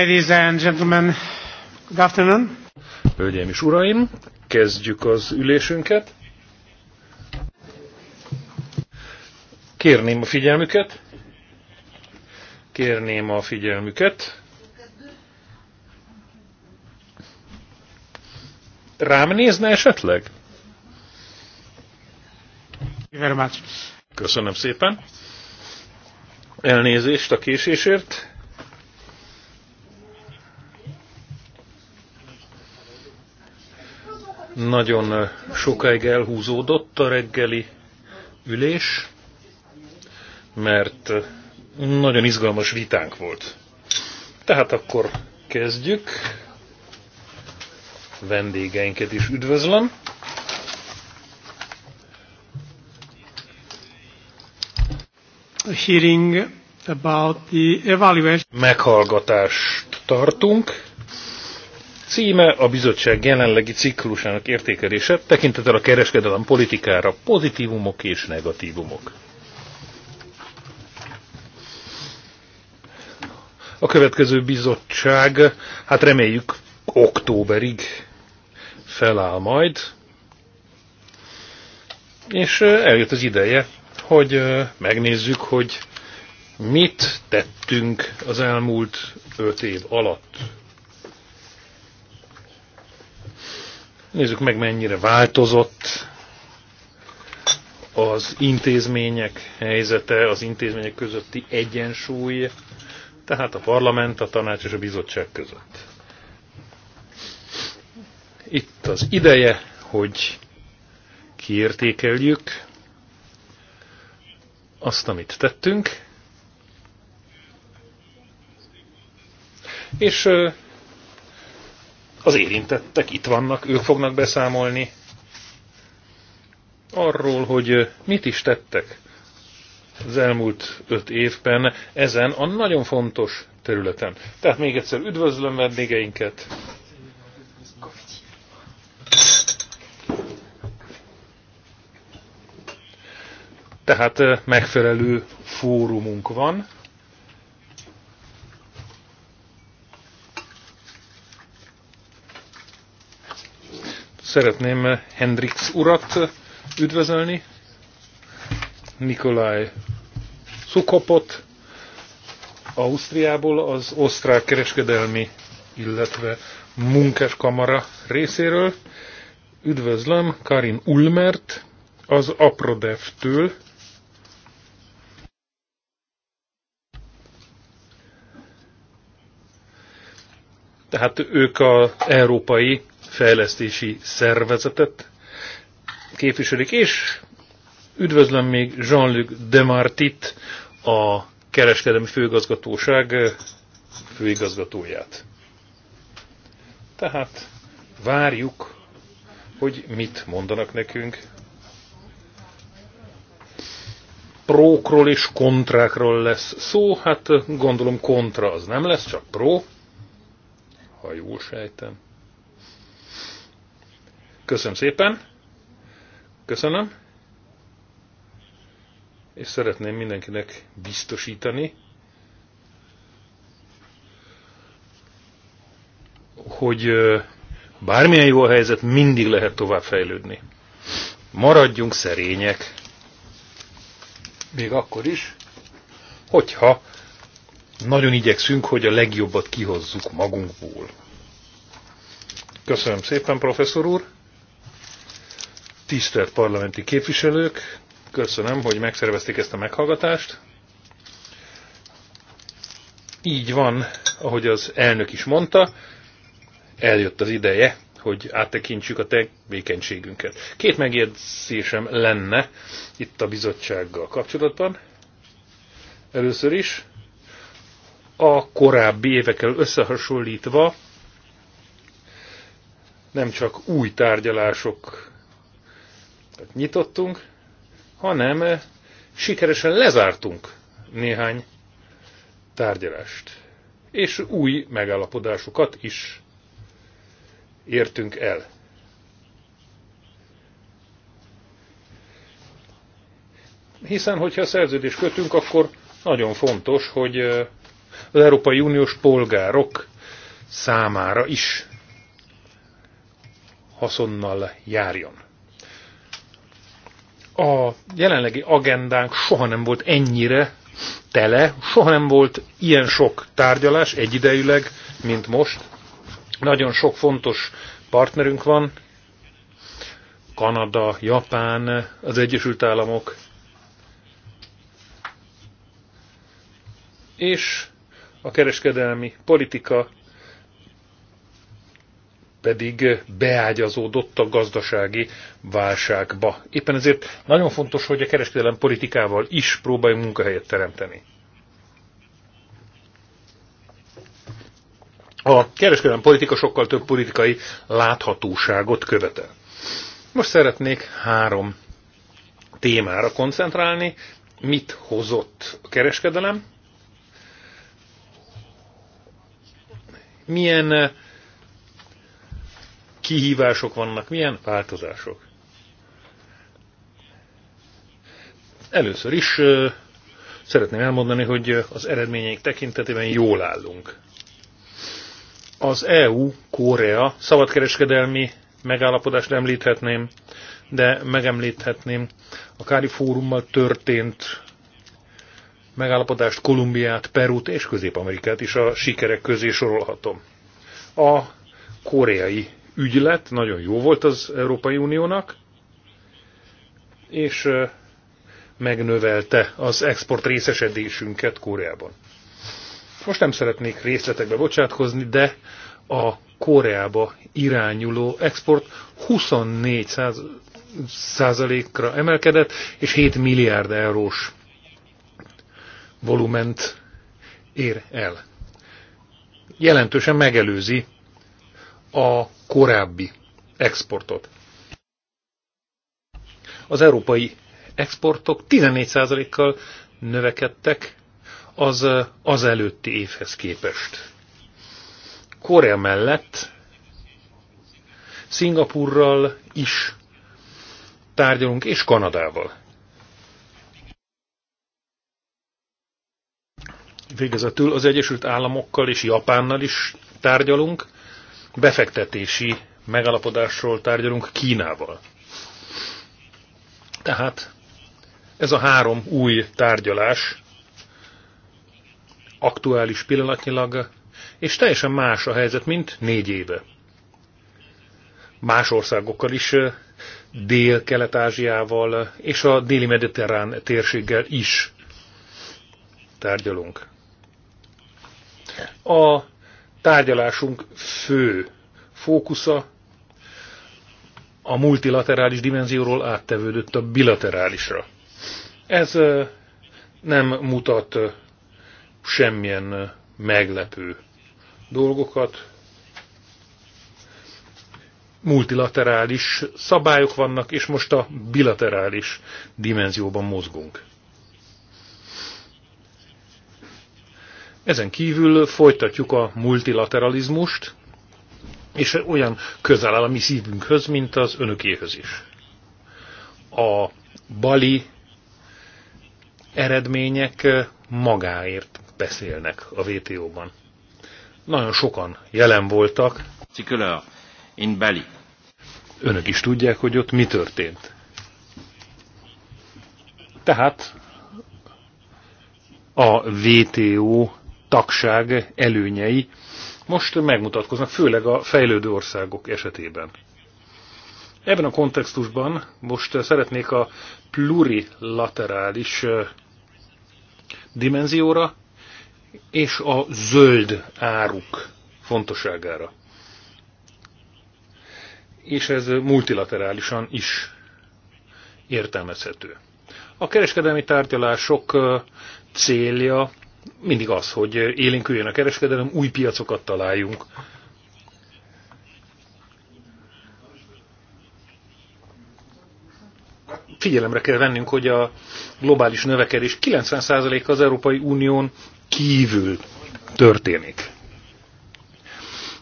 Ladies and gentlemen, good afternoon. Hölgyeim és uraim, kezdjük az ülésünket. Kérném a figyelmüket. Kérném a figyelmüket. Rám nézne esetleg? Köszönöm szépen. Elnézést a késésért. Nagyon sokáig elhúzódott a reggeli ülés, mert nagyon izgalmas vitánk volt. Tehát akkor kezdjük. Vendégeinket is üdvözlöm. hearing about the evaluation. Meghallgatást tartunk Címe a bizottság jelenlegi ciklusának értékelése, tekintettel a kereskedelem politikára pozitívumok és negatívumok. A következő bizottság, hát reméljük októberig feláll majd, és eljött az ideje, hogy megnézzük, hogy mit tettünk az elmúlt öt év alatt Nézzük meg, mennyire változott az intézmények helyzete, az intézmények közötti egyensúly, tehát a parlament, a tanács és a bizottság között. Itt az ideje, hogy kiértékeljük azt, amit tettünk, és az érintettek itt vannak, ők fognak beszámolni arról, hogy mit is tettek az elmúlt öt évben ezen a nagyon fontos területen. Tehát még egyszer üdvözlöm vendégeinket. Tehát megfelelő fórumunk van, Szeretném Hendrix urat üdvözölni, Nikolaj Szukopot, Ausztriából az Osztrák Kereskedelmi, illetve Munkáskamara részéről. Üdvözlöm Karin Ulmert, az Aprodev-től. Tehát ők az európai fejlesztési szervezetet képviselik, és üdvözlöm még Jean-Luc Demartit, a kereskedelmi főigazgatóság eh, főigazgatóját. Tehát várjuk, hogy mit mondanak nekünk prókról és kontrákról lesz szó, hát eh, gondolom kontra az nem lesz, csak pró, ha jól sejtem. Köszönöm szépen. Köszönöm. És szeretném mindenkinek biztosítani, hogy bármilyen jó a helyzet, mindig lehet tovább fejlődni. Maradjunk szerények. Még akkor is, hogyha nagyon igyekszünk, hogy a legjobbat kihozzuk magunkból. Köszönöm szépen, professzor úr! Tisztelt parlamenti képviselők, köszönöm, hogy megszervezték ezt a meghallgatást. Így van, ahogy az elnök is mondta, eljött az ideje, hogy áttekintsük a tevékenységünket. Két megjegyzésem lenne itt a bizottsággal kapcsolatban. Először is a korábbi évekkel összehasonlítva nem csak új tárgyalások tehát nyitottunk, hanem eh, sikeresen lezártunk néhány tárgyalást, és új megállapodásokat is értünk el. Hiszen, hogyha szerződést kötünk, akkor nagyon fontos, hogy eh, az Európai Uniós polgárok számára is haszonnal járjon a jelenlegi agendánk soha nem volt ennyire tele, soha nem volt ilyen sok tárgyalás egyidejűleg, mint most. Nagyon sok fontos partnerünk van, Kanada, Japán, az Egyesült Államok. És a kereskedelmi politika pedig beágyazódott a gazdasági válságba. Éppen ezért nagyon fontos, hogy a kereskedelem politikával is próbáljunk munkahelyet teremteni. A kereskedelem politika sokkal több politikai láthatóságot követel. Most szeretnék három témára koncentrálni. Mit hozott a kereskedelem? Milyen kihívások vannak, milyen változások. Először is szeretném elmondani, hogy az eredményeink tekintetében jól állunk. Az EU-Korea szabadkereskedelmi megállapodást említhetném, de megemlíthetném a Kári Fórummal történt megállapodást Kolumbiát, Perút és Közép-Amerikát is a sikerek közé sorolhatom. A koreai ügy lett, nagyon jó volt az Európai Uniónak, és megnövelte az export részesedésünket Koreában. Most nem szeretnék részletekbe bocsátkozni, de a Koreába irányuló export 24 százalékra emelkedett, és 7 milliárd eurós volument ér el. Jelentősen megelőzi a korábbi exportot. Az európai exportok 14%-kal növekedtek az az előtti évhez képest. Korea mellett Szingapurral is tárgyalunk, és Kanadával. Végezetül az Egyesült Államokkal és Japánnal is tárgyalunk, befektetési megalapodásról tárgyalunk Kínával. Tehát ez a három új tárgyalás aktuális pillanatnyilag, és teljesen más a helyzet, mint négy éve. Más országokkal is, Dél-Kelet-Ázsiával és a déli mediterrán térséggel is tárgyalunk. A tárgyalásunk fő fókusza a multilaterális dimenzióról áttevődött a bilaterálisra. Ez nem mutat semmilyen meglepő dolgokat. Multilaterális szabályok vannak, és most a bilaterális dimenzióban mozgunk. Ezen kívül folytatjuk a multilateralizmust, és olyan közel áll a mi szívünkhöz, mint az önökéhöz is. A bali eredmények magáért beszélnek a WTO-ban. Nagyon sokan jelen voltak. In Bali. Önök is tudják, hogy ott mi történt. Tehát a WTO tagság előnyei most megmutatkoznak, főleg a fejlődő országok esetében. Ebben a kontextusban most szeretnék a plurilaterális dimenzióra és a zöld áruk fontosságára. És ez multilaterálisan is értelmezhető. A kereskedelmi tárgyalások célja mindig az, hogy élénküljön a kereskedelem, új piacokat találjunk. Figyelemre kell vennünk, hogy a globális növekedés 90%-a az Európai Unión kívül történik.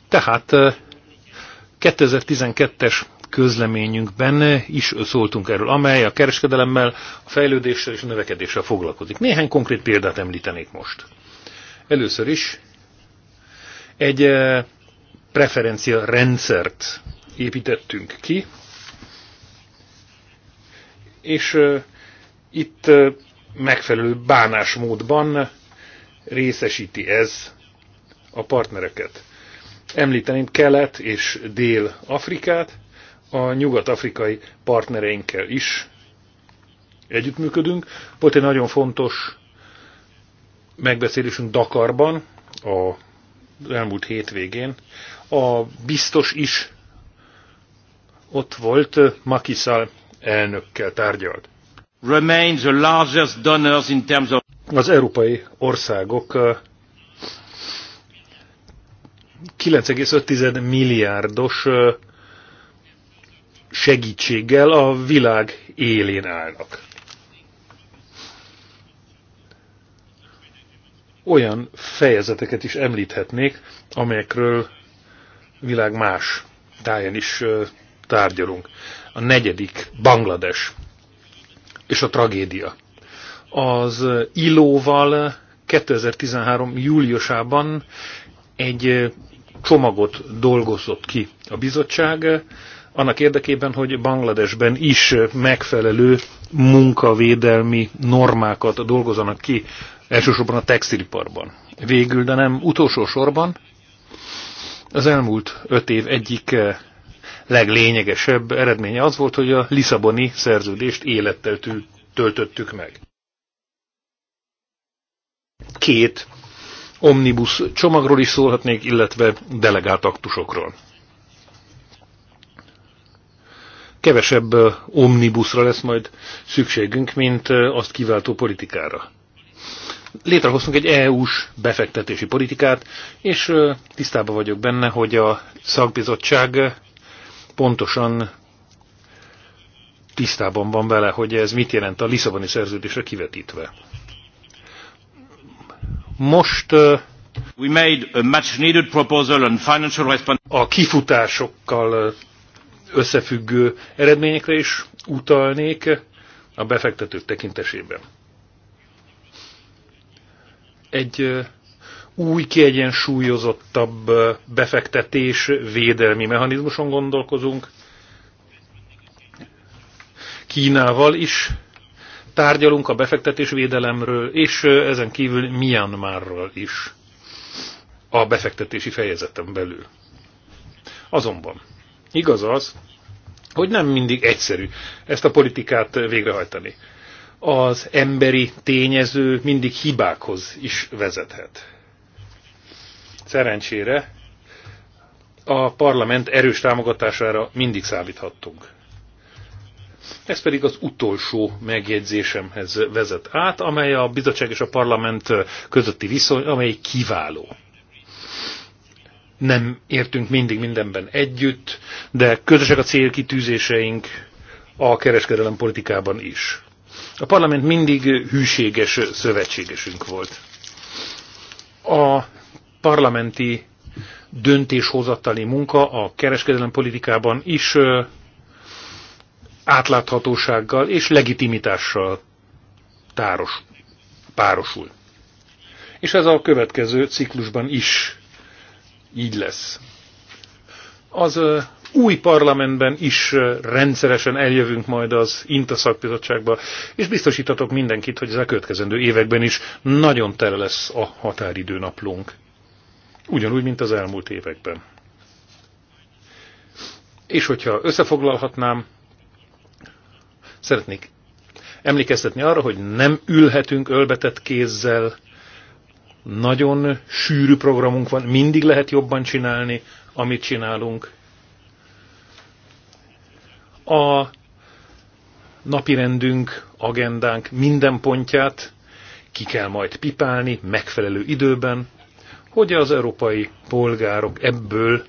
Tehát eh, 2012-es közleményünkben is szóltunk erről, amely a kereskedelemmel, a fejlődéssel és a növekedéssel foglalkozik. Néhány konkrét példát említenék most. Először is egy eh, preferencia rendszert építettünk ki, és eh, itt eh, megfelelő bánásmódban részesíti ez a partnereket. Említeném Kelet és Dél-Afrikát, a nyugat-afrikai partnereinkkel is együttműködünk. Volt egy nagyon fontos megbeszélésünk Dakarban a elmúlt hétvégén. A biztos is ott volt, Makisal elnökkel tárgyalt. Az európai országok 9,5 uh, milliárdos uh, segítséggel a világ élén állnak. Olyan fejezeteket is említhetnék, amelyekről világ más táján is tárgyalunk. A negyedik, Banglades és a tragédia. Az Ilóval 2013. júliusában egy csomagot dolgozott ki a bizottság, annak érdekében, hogy Bangladesben is megfelelő munkavédelmi normákat dolgozanak ki, elsősorban a textiliparban. Végül, de nem utolsó sorban, az elmúlt öt év egyik eh, leglényegesebb eredménye az volt, hogy a Lisszaboni szerződést élettel töltöttük meg. Két omnibus csomagról is szólhatnék, illetve delegált aktusokról. kevesebb omnibuszra lesz majd szükségünk, mint azt kiváltó politikára. Létrehoztunk egy EU-s befektetési politikát, és tisztában vagyok benne, hogy a szakbizottság pontosan tisztában van vele, hogy ez mit jelent a Lisszaboni szerződésre kivetítve. Most We made a much needed proposal on financial a kifutásokkal összefüggő eredményekre is utalnék a befektetők tekintetében. Egy új, kiegyensúlyozottabb befektetés védelmi mechanizmuson gondolkozunk. Kínával is tárgyalunk a befektetés védelemről, és ezen kívül Myanmarról is a befektetési fejezeten belül. Azonban Igaz az, hogy nem mindig egyszerű ezt a politikát végrehajtani. Az emberi tényező mindig hibákhoz is vezethet. Szerencsére a parlament erős támogatására mindig számíthattunk. Ez pedig az utolsó megjegyzésemhez vezet át, amely a bizottság és a parlament közötti viszony, amely kiváló nem értünk mindig mindenben együtt, de közösek a célkitűzéseink a kereskedelem politikában is. A parlament mindig hűséges szövetségesünk volt. A parlamenti döntéshozatali munka a kereskedelem politikában is átláthatósággal és legitimitással táros, párosul. És ez a következő ciklusban is így lesz. Az új parlamentben is rendszeresen eljövünk majd az INTA szakbizottságba, és biztosítatok mindenkit, hogy az elkövetkezendő években is nagyon tele lesz a határidőnaplónk. Ugyanúgy, mint az elmúlt években. És hogyha összefoglalhatnám, szeretnék emlékeztetni arra, hogy nem ülhetünk ölbetett kézzel, nagyon sűrű programunk van, mindig lehet jobban csinálni, amit csinálunk. A napirendünk, agendánk minden pontját ki kell majd pipálni megfelelő időben, hogy az európai polgárok ebből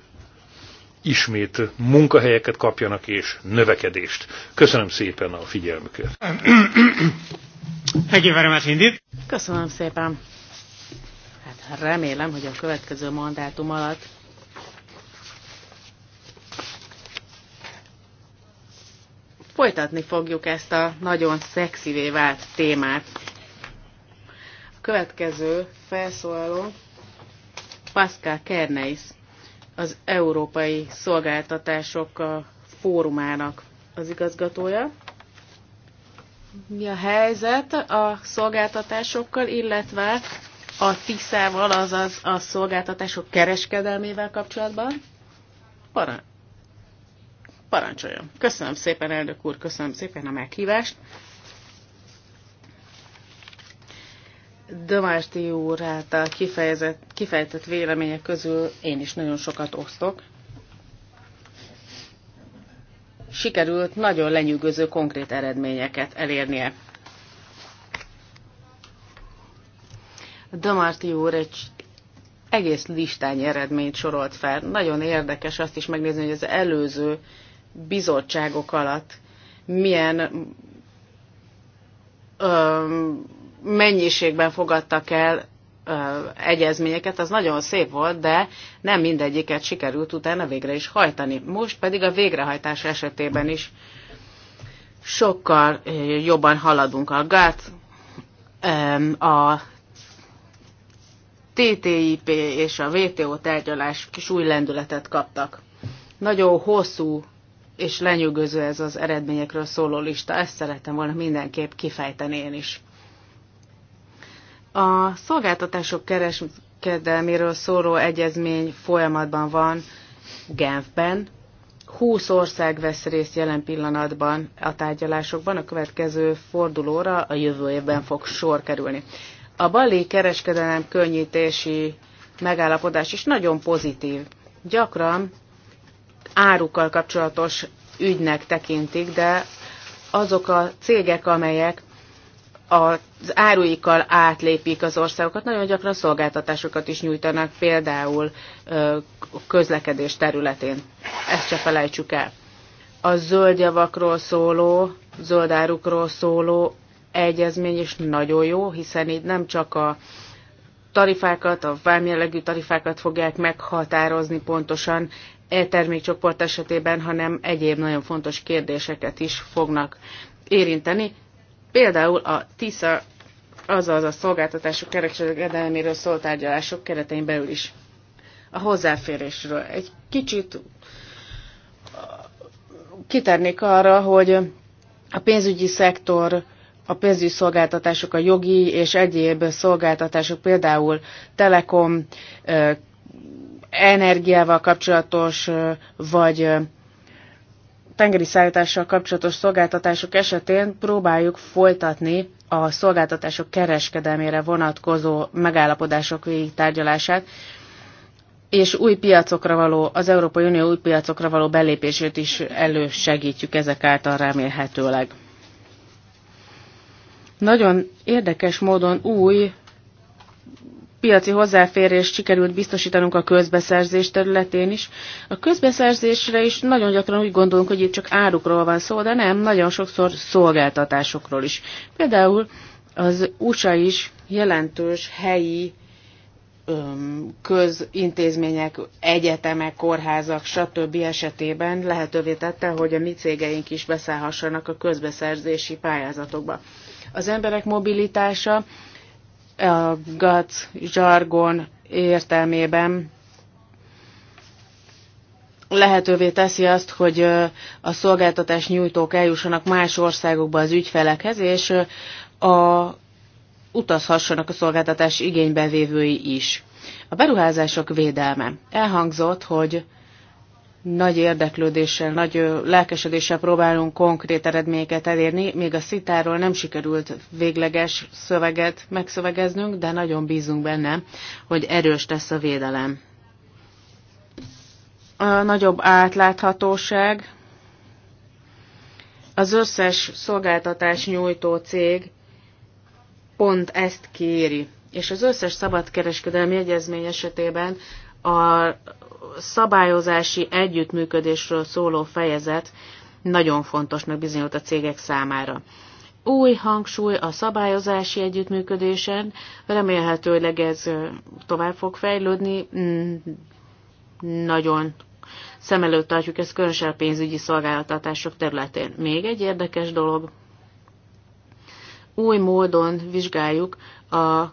ismét munkahelyeket kapjanak és növekedést. Köszönöm szépen a figyelmüket. Köszönöm szépen remélem, hogy a következő mandátum alatt folytatni fogjuk ezt a nagyon szexivé vált témát. A következő felszólaló Pascal Kerneis, az Európai Szolgáltatások Fórumának az igazgatója. Mi a helyzet a szolgáltatásokkal, illetve a TISZ-ával, azaz a szolgáltatások kereskedelmével kapcsolatban. Para, parancsoljon. Köszönöm szépen, elnök úr, köszönöm szépen a meghívást. Dömárti úr által kifejezett, kifejtett vélemények közül én is nagyon sokat osztok. Sikerült nagyon lenyűgöző konkrét eredményeket elérnie. Damarti úr egy egész listány eredményt sorolt fel. Nagyon érdekes azt is megnézni, hogy az előző bizottságok alatt milyen ö, mennyiségben fogadtak el ö, egyezményeket, az nagyon szép volt, de nem mindegyiket sikerült utána végre is hajtani. Most pedig a végrehajtás esetében is sokkal jobban haladunk a GATT, a TTIP és a WTO tárgyalás kis új lendületet kaptak. Nagyon hosszú és lenyűgöző ez az eredményekről szóló lista, ezt szerettem volna mindenképp kifejteni én is. A szolgáltatások kereskedelméről szóló egyezmény folyamatban van Genfben. 20 ország vesz részt jelen pillanatban a tárgyalásokban, a következő fordulóra a jövő évben fog sor kerülni. A bali kereskedelem könnyítési megállapodás is nagyon pozitív. Gyakran árukkal kapcsolatos ügynek tekintik, de azok a cégek, amelyek az áruikkal átlépik az országokat, nagyon gyakran szolgáltatásokat is nyújtanak, például közlekedés területén. Ezt se felejtsük el. A zöld javakról szóló, zöld árukról szóló egyezmény is nagyon jó, hiszen így nem csak a tarifákat, a vámjellegű tarifákat fogják meghatározni pontosan e termékcsoport esetében, hanem egyéb nagyon fontos kérdéseket is fognak érinteni. Például a TISZA, azaz a szolgáltatások kereskedelméről szóló tárgyalások keretein belül is. A hozzáférésről egy kicsit kiternék arra, hogy a pénzügyi szektor a pénzügyi szolgáltatások, a jogi és egyéb szolgáltatások, például telekom, energiával kapcsolatos, vagy tengeri szállítással kapcsolatos szolgáltatások esetén próbáljuk folytatni a szolgáltatások kereskedelmére vonatkozó megállapodások tárgyalását, és új piacokra való, az Európai Unió új piacokra való belépését is elősegítjük ezek által remélhetőleg. Nagyon érdekes módon új piaci hozzáférést sikerült biztosítanunk a közbeszerzés területén is. A közbeszerzésre is nagyon gyakran úgy gondolunk, hogy itt csak árukról van szó, de nem, nagyon sokszor szolgáltatásokról is. Például az USA is jelentős helyi közintézmények, egyetemek, kórházak, stb. esetében lehetővé tette, hogy a mi cégeink is beszállhassanak a közbeszerzési pályázatokba az emberek mobilitása a GATS zsargon értelmében lehetővé teszi azt, hogy a szolgáltatás nyújtók eljussanak más országokba az ügyfelekhez, és a, utazhassanak a szolgáltatás igénybevévői is. A beruházások védelme. Elhangzott, hogy nagy érdeklődéssel, nagy lelkesedéssel próbálunk konkrét eredményeket elérni. Még a szitáról nem sikerült végleges szöveget megszövegeznünk, de nagyon bízunk benne, hogy erős lesz a védelem. A nagyobb átláthatóság. Az összes szolgáltatás nyújtó cég pont ezt kéri. És az összes szabadkereskedelmi egyezmény esetében a, szabályozási együttműködésről szóló fejezet nagyon fontosnak bizonyult a cégek számára. Új hangsúly a szabályozási együttműködésen, remélhetőleg ez tovább fog fejlődni, mm, nagyon szem előtt tartjuk ezt különösen a pénzügyi szolgáltatások területén. Még egy érdekes dolog, új módon vizsgáljuk a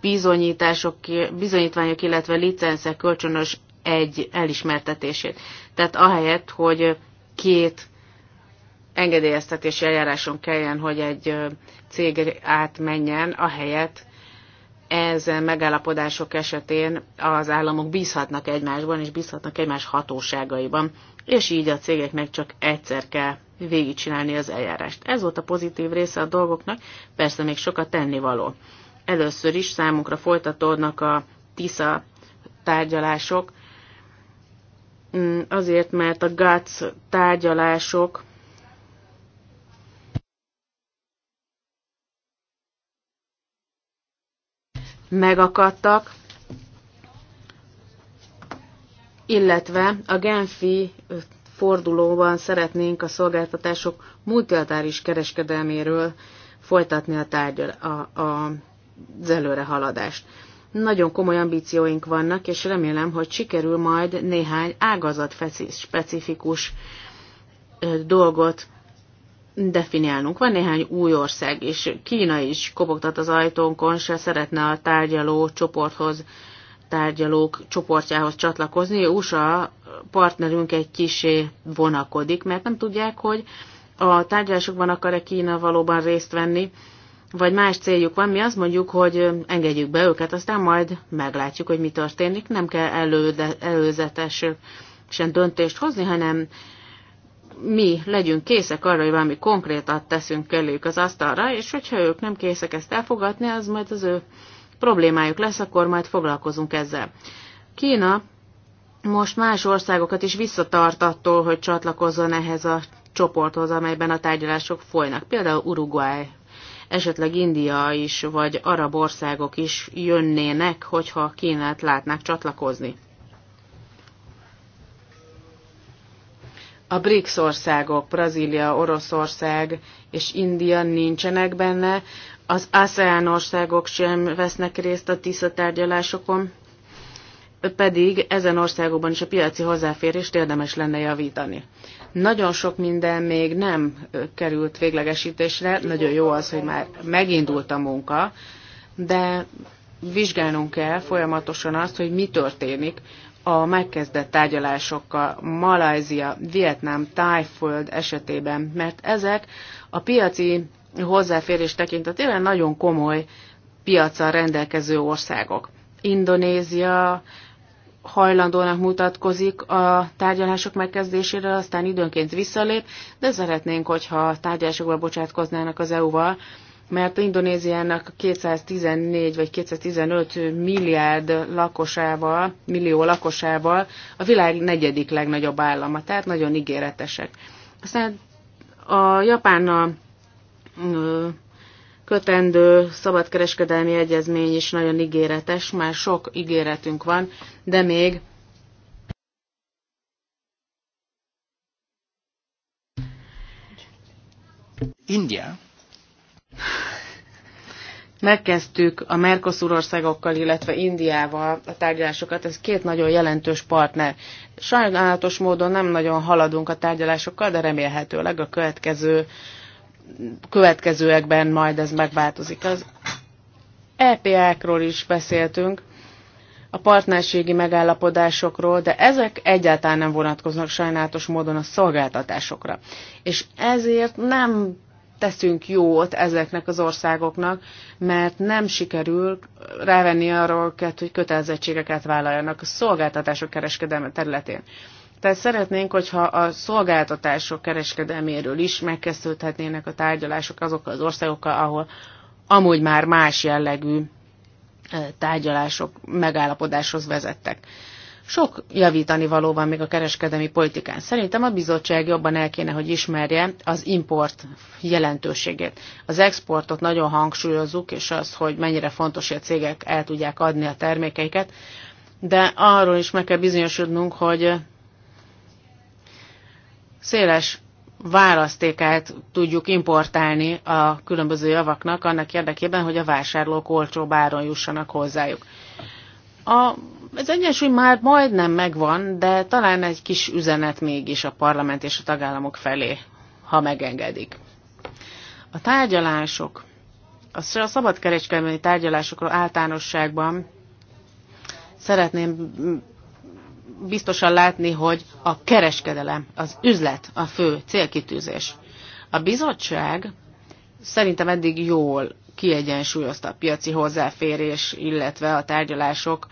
bizonyítások, bizonyítványok, illetve licenszek kölcsönös egy elismertetését. Tehát ahelyett, hogy két engedélyeztetési eljáráson kelljen, hogy egy cég átmenjen, ahelyett ezen megállapodások esetén az államok bízhatnak egymásban, és bízhatnak egymás hatóságaiban, és így a cégeknek csak egyszer kell végigcsinálni az eljárást. Ez volt a pozitív része a dolgoknak, persze még sokat tennivaló. Először is számunkra folytatódnak a TISZA tárgyalások, mm, azért, mert a GATS tárgyalások megakadtak, illetve a Genfi fordulóban szeretnénk a szolgáltatások multilatáris kereskedelméről folytatni a, tárgyal, a, a az előrehaladást. Nagyon komoly ambícióink vannak, és remélem, hogy sikerül majd néhány ágazat specifikus dolgot definiálnunk. Van néhány új ország, és Kína is kopogtat az ajtónkon, se szeretne a tárgyaló csoporthoz, tárgyalók csoportjához csatlakozni. USA partnerünk egy kisé vonakodik, mert nem tudják, hogy a tárgyalásokban akar-e Kína valóban részt venni, vagy más céljuk van, mi azt mondjuk, hogy engedjük be őket, aztán majd meglátjuk, hogy mi történik. Nem kell előde, előzetesen döntést hozni, hanem mi legyünk készek arra, hogy valami konkrétat teszünk kellük az asztalra, és hogyha ők nem készek ezt elfogadni, az majd az ő problémájuk lesz, akkor majd foglalkozunk ezzel. Kína most más országokat is visszatart attól, hogy csatlakozzon ehhez a csoporthoz, amelyben a tárgyalások folynak. Például Uruguay esetleg India is, vagy arab országok is jönnének, hogyha Kínát látnák csatlakozni. A BRICS országok, Brazília, Oroszország és India nincsenek benne, az ASEAN országok sem vesznek részt a TISZA tárgyalásokon, pedig ezen országokban is a piaci hozzáférést érdemes lenne javítani. Nagyon sok minden még nem került véglegesítésre, nagyon jó az, hogy már megindult a munka, de vizsgálnunk kell folyamatosan azt, hogy mi történik a megkezdett tárgyalásokkal Malajzia, Vietnám, Tájföld esetében, mert ezek a piaci hozzáférés tekintetében nagyon komoly piacsal rendelkező országok. Indonézia, hajlandónak mutatkozik a tárgyalások megkezdésére, aztán időnként visszalép, de szeretnénk, hogyha tárgyalásokba bocsátkoznának az EU-val, mert Indonéziának 214 vagy 215 milliárd lakosával, millió lakosával a világ negyedik legnagyobb állama, tehát nagyon ígéretesek. Aztán a a kötendő szabadkereskedelmi egyezmény is nagyon ígéretes, már sok ígéretünk van, de még India. Megkezdtük a Mercosur országokkal, illetve Indiával a tárgyalásokat, ez két nagyon jelentős partner. Sajnálatos módon nem nagyon haladunk a tárgyalásokkal, de remélhetőleg a következő következőekben majd ez megváltozik. Az EPA-król is beszéltünk, a partnerségi megállapodásokról, de ezek egyáltalán nem vonatkoznak sajnálatos módon a szolgáltatásokra. És ezért nem teszünk jót ezeknek az országoknak, mert nem sikerül rávenni arra hogy kötelezettségeket vállaljanak a szolgáltatások kereskedelme területén. Tehát szeretnénk, hogyha a szolgáltatások kereskedelméről is megkezdődhetnének a tárgyalások azokkal az országokkal, ahol amúgy már más jellegű tárgyalások megállapodáshoz vezettek. Sok javítani való van még a kereskedelmi politikán. Szerintem a bizottság jobban el kéne, hogy ismerje az import jelentőségét. Az exportot nagyon hangsúlyozzuk, és az, hogy mennyire fontos, hogy a cégek el tudják adni a termékeiket, de arról is meg kell bizonyosodnunk, hogy széles választékát tudjuk importálni a különböző javaknak annak érdekében, hogy a vásárlók olcsóbb áron jussanak hozzájuk. A, ez egyensúly már majdnem megvan, de talán egy kis üzenet mégis a parlament és a tagállamok felé, ha megengedik. A tárgyalások, a szabadkereskedelmi tárgyalásokról általánosságban szeretném biztosan látni, hogy a kereskedelem, az üzlet a fő célkitűzés. A bizottság szerintem eddig jól kiegyensúlyozta a piaci hozzáférés, illetve a tárgyalások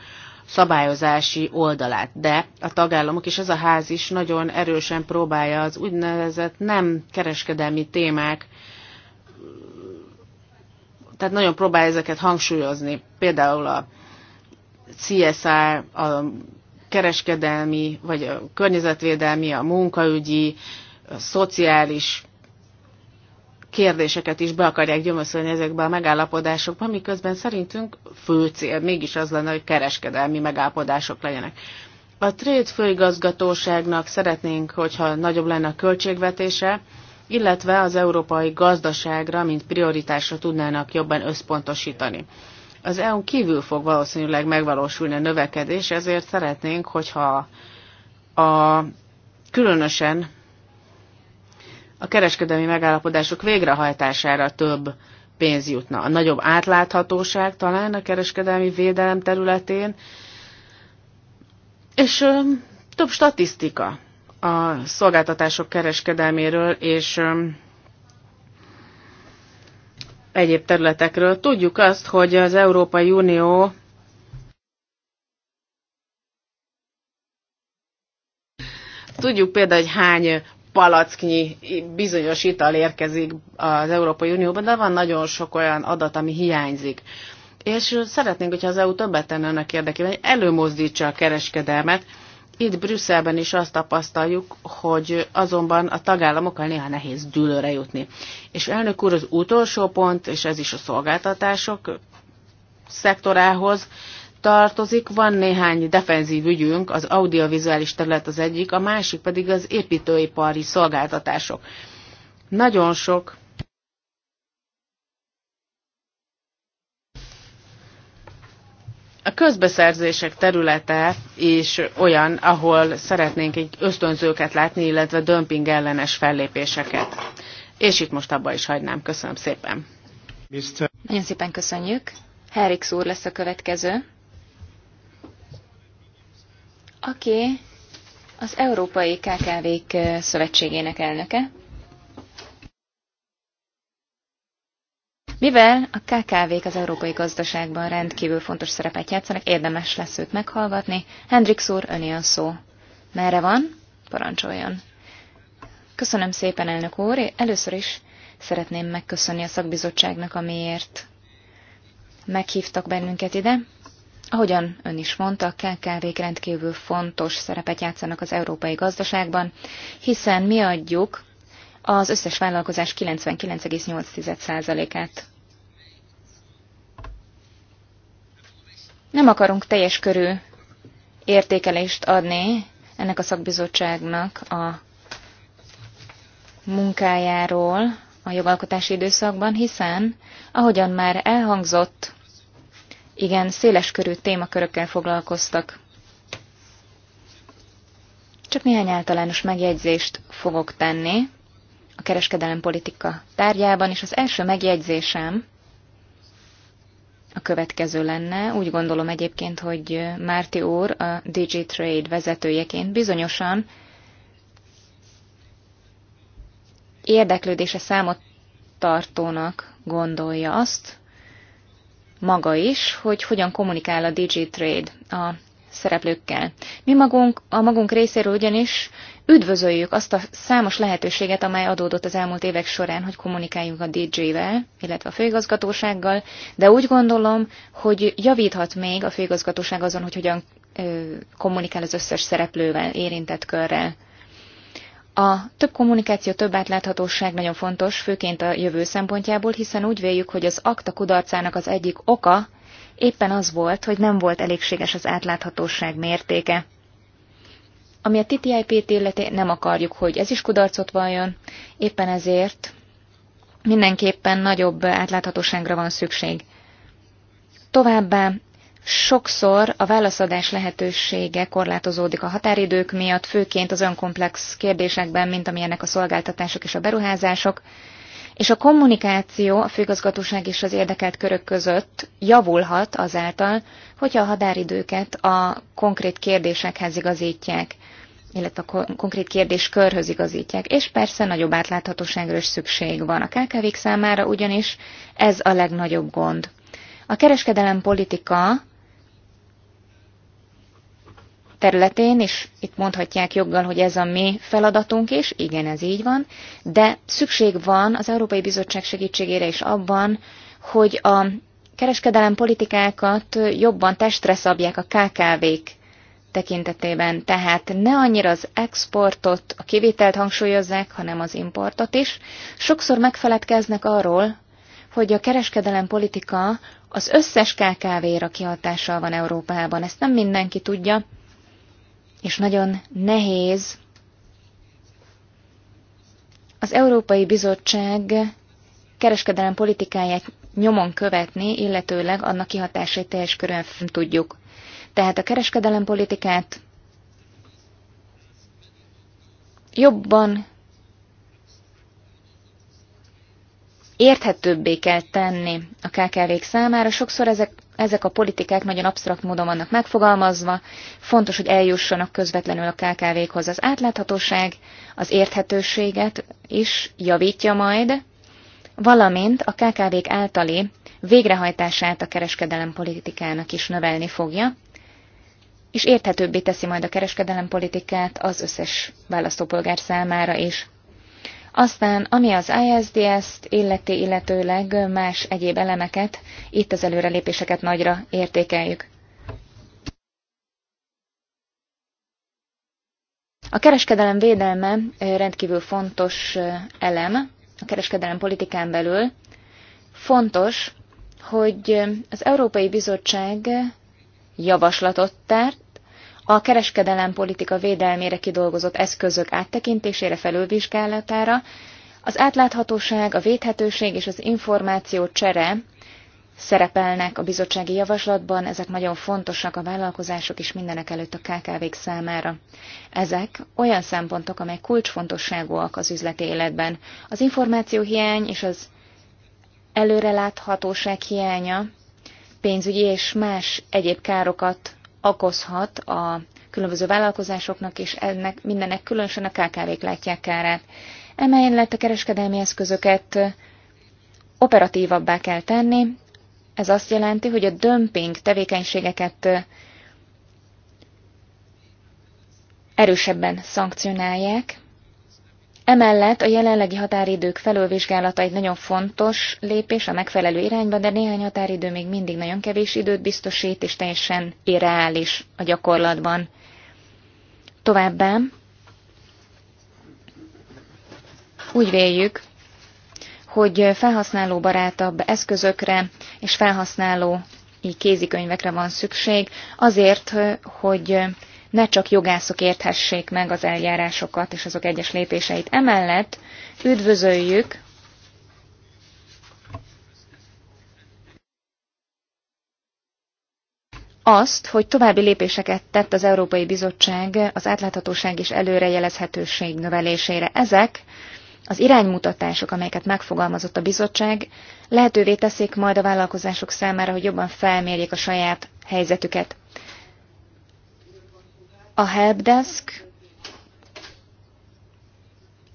szabályozási oldalát. De a tagállamok és ez a ház is nagyon erősen próbálja az úgynevezett nem kereskedelmi témák, tehát nagyon próbálja ezeket hangsúlyozni. Például a CSR, a kereskedelmi, vagy a környezetvédelmi, a munkaügyi, a szociális kérdéseket is be akarják gyömöszölni ezekbe a megállapodásokba, miközben szerintünk fő cél mégis az lenne, hogy kereskedelmi megállapodások legyenek. A Trade főigazgatóságnak szeretnénk, hogyha nagyobb lenne a költségvetése, illetve az európai gazdaságra, mint prioritásra tudnának jobban összpontosítani az EU-n kívül fog valószínűleg megvalósulni a növekedés, ezért szeretnénk, hogyha a, különösen a kereskedelmi megállapodások végrehajtására több pénz jutna. A nagyobb átláthatóság talán a kereskedelmi védelem területén, és ö, több statisztika a szolgáltatások kereskedelméről, és ö, egyéb területekről. Tudjuk azt, hogy az Európai Unió Tudjuk például, hogy hány palacknyi bizonyos ital érkezik az Európai Unióban, de van nagyon sok olyan adat, ami hiányzik. És szeretnénk, hogyha az EU többet tenne ennek érdekében, hogy előmozdítsa a kereskedelmet, itt Brüsszelben is azt tapasztaljuk, hogy azonban a tagállamokkal néha nehéz dűlőre jutni. És elnök úr, az utolsó pont, és ez is a szolgáltatások szektorához tartozik, van néhány defenzív ügyünk, az audiovizuális terület az egyik, a másik pedig az építőipari szolgáltatások. Nagyon sok A közbeszerzések területe is olyan, ahol szeretnénk egy ösztönzőket látni, illetve dömping ellenes fellépéseket. És itt most abba is hagynám. Köszönöm szépen. Mr. Nagyon szépen köszönjük. Herix úr lesz a következő, aki az Európai KKV-k Szövetségének elnöke. Mivel a KKV-k az európai gazdaságban rendkívül fontos szerepet játszanak, érdemes lesz őt meghallgatni. Hendrix úr, öné a szó. Merre van? Parancsoljon. Köszönöm szépen, elnök úr. Először is szeretném megköszönni a szakbizottságnak, amiért meghívtak bennünket ide. Ahogyan ön is mondta, a KKV-k rendkívül fontos szerepet játszanak az európai gazdaságban, hiszen mi adjuk az összes vállalkozás 99,8%-át. Nem akarunk teljes körű értékelést adni ennek a szakbizottságnak a munkájáról a jogalkotási időszakban, hiszen, ahogyan már elhangzott, igen, széles körű témakörökkel foglalkoztak. Csak néhány általános megjegyzést fogok tenni a kereskedelem politika tárgyában, és az első megjegyzésem a következő lenne. Úgy gondolom egyébként, hogy Márti úr a DigiTrade vezetőjeként bizonyosan érdeklődése számot tartónak gondolja azt, maga is, hogy hogyan kommunikál a DigiTrade a szereplőkkel. Mi magunk, a magunk részéről ugyanis Üdvözöljük azt a számos lehetőséget, amely adódott az elmúlt évek során, hogy kommunikáljunk a DJ-vel, illetve a főigazgatósággal, de úgy gondolom, hogy javíthat még a főigazgatóság azon, hogy hogyan kommunikál az összes szereplővel, érintett körrel. A több kommunikáció, több átláthatóság nagyon fontos, főként a jövő szempontjából, hiszen úgy véljük, hogy az akta kudarcának az egyik oka éppen az volt, hogy nem volt elégséges az átláthatóság mértéke. Ami a TTIP-t illeti, nem akarjuk, hogy ez is kudarcot valljon, éppen ezért mindenképpen nagyobb átláthatóságra van szükség. Továbbá sokszor a válaszadás lehetősége korlátozódik a határidők miatt, főként az önkomplex kérdésekben, mint amilyenek a szolgáltatások és a beruházások, és a kommunikáció a főgazgatóság és az érdekelt körök között javulhat azáltal, hogyha a határidőket a konkrét kérdésekhez igazítják illetve a konkrét kérdéskörhöz igazítják, és persze nagyobb átláthatóságra is szükség van a kkv számára, ugyanis ez a legnagyobb gond. A kereskedelem politika területén, és itt mondhatják joggal, hogy ez a mi feladatunk is, igen, ez így van, de szükség van az Európai Bizottság segítségére is abban, hogy a kereskedelem politikákat jobban testre szabják a KKV-k tekintetében. Tehát ne annyira az exportot, a kivételt hangsúlyozzák, hanem az importot is. Sokszor megfeledkeznek arról, hogy a kereskedelem politika az összes KKV-ra kihatással van Európában. Ezt nem mindenki tudja, és nagyon nehéz az Európai Bizottság kereskedelem politikáját nyomon követni, illetőleg annak kihatásait teljes körön tudjuk tehát a kereskedelempolitikát jobban érthetőbbé kell tenni a kkv számára. Sokszor ezek, ezek a politikák nagyon absztrakt módon vannak megfogalmazva, fontos, hogy eljussanak közvetlenül a kkv hoz Az átláthatóság az érthetőséget is javítja majd, valamint a KKV-k általi végrehajtását a kereskedelem politikának is növelni fogja és érthetőbbé teszi majd a politikát az összes választópolgár számára is. Aztán, ami az ISDS-t illeti, illetőleg más egyéb elemeket, itt az előrelépéseket nagyra értékeljük. A kereskedelem védelme rendkívül fontos elem a kereskedelem politikán belül. Fontos, hogy az Európai Bizottság javaslatot tárt, a kereskedelem politika védelmére kidolgozott eszközök áttekintésére, felülvizsgálatára, az átláthatóság, a védhetőség és az információ csere szerepelnek a bizottsági javaslatban, ezek nagyon fontosak a vállalkozások és mindenek előtt a KKV-k számára. Ezek olyan szempontok, amelyek kulcsfontosságúak az üzleti életben. Az információhiány és az előreláthatóság hiánya pénzügyi és más egyéb károkat okozhat a különböző vállalkozásoknak, és ennek mindenek különösen a KKV-k látják kárát. Emellett a kereskedelmi eszközöket operatívabbá kell tenni. Ez azt jelenti, hogy a dömping tevékenységeket erősebben szankcionálják, Emellett a jelenlegi határidők felülvizsgálata egy nagyon fontos lépés a megfelelő irányba, de néhány határidő még mindig nagyon kevés időt biztosít, és teljesen irreális a gyakorlatban. Továbbá úgy véljük, hogy felhasználóbarátabb eszközökre és felhasználói kézikönyvekre van szükség, azért, hogy ne csak jogászok érthessék meg az eljárásokat és azok egyes lépéseit. Emellett üdvözöljük azt, hogy további lépéseket tett az Európai Bizottság az átláthatóság és előrejelezhetőség növelésére. Ezek az iránymutatások, amelyeket megfogalmazott a bizottság, lehetővé teszik majd a vállalkozások számára, hogy jobban felmérjék a saját helyzetüket. A helpdesk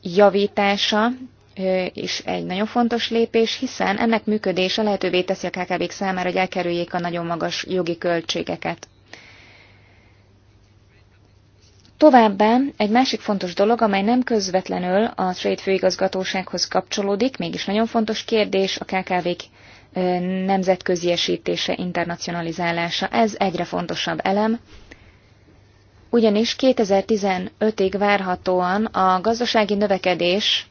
javítása is egy nagyon fontos lépés, hiszen ennek működése lehetővé teszi a kkv számára, hogy elkerüljék a nagyon magas jogi költségeket. Továbbá egy másik fontos dolog, amely nem közvetlenül a Trade főigazgatósághoz kapcsolódik, mégis nagyon fontos kérdés, a KKV-k nemzetköziesítése, internacionalizálása. Ez egyre fontosabb elem ugyanis 2015-ig várhatóan a gazdasági növekedés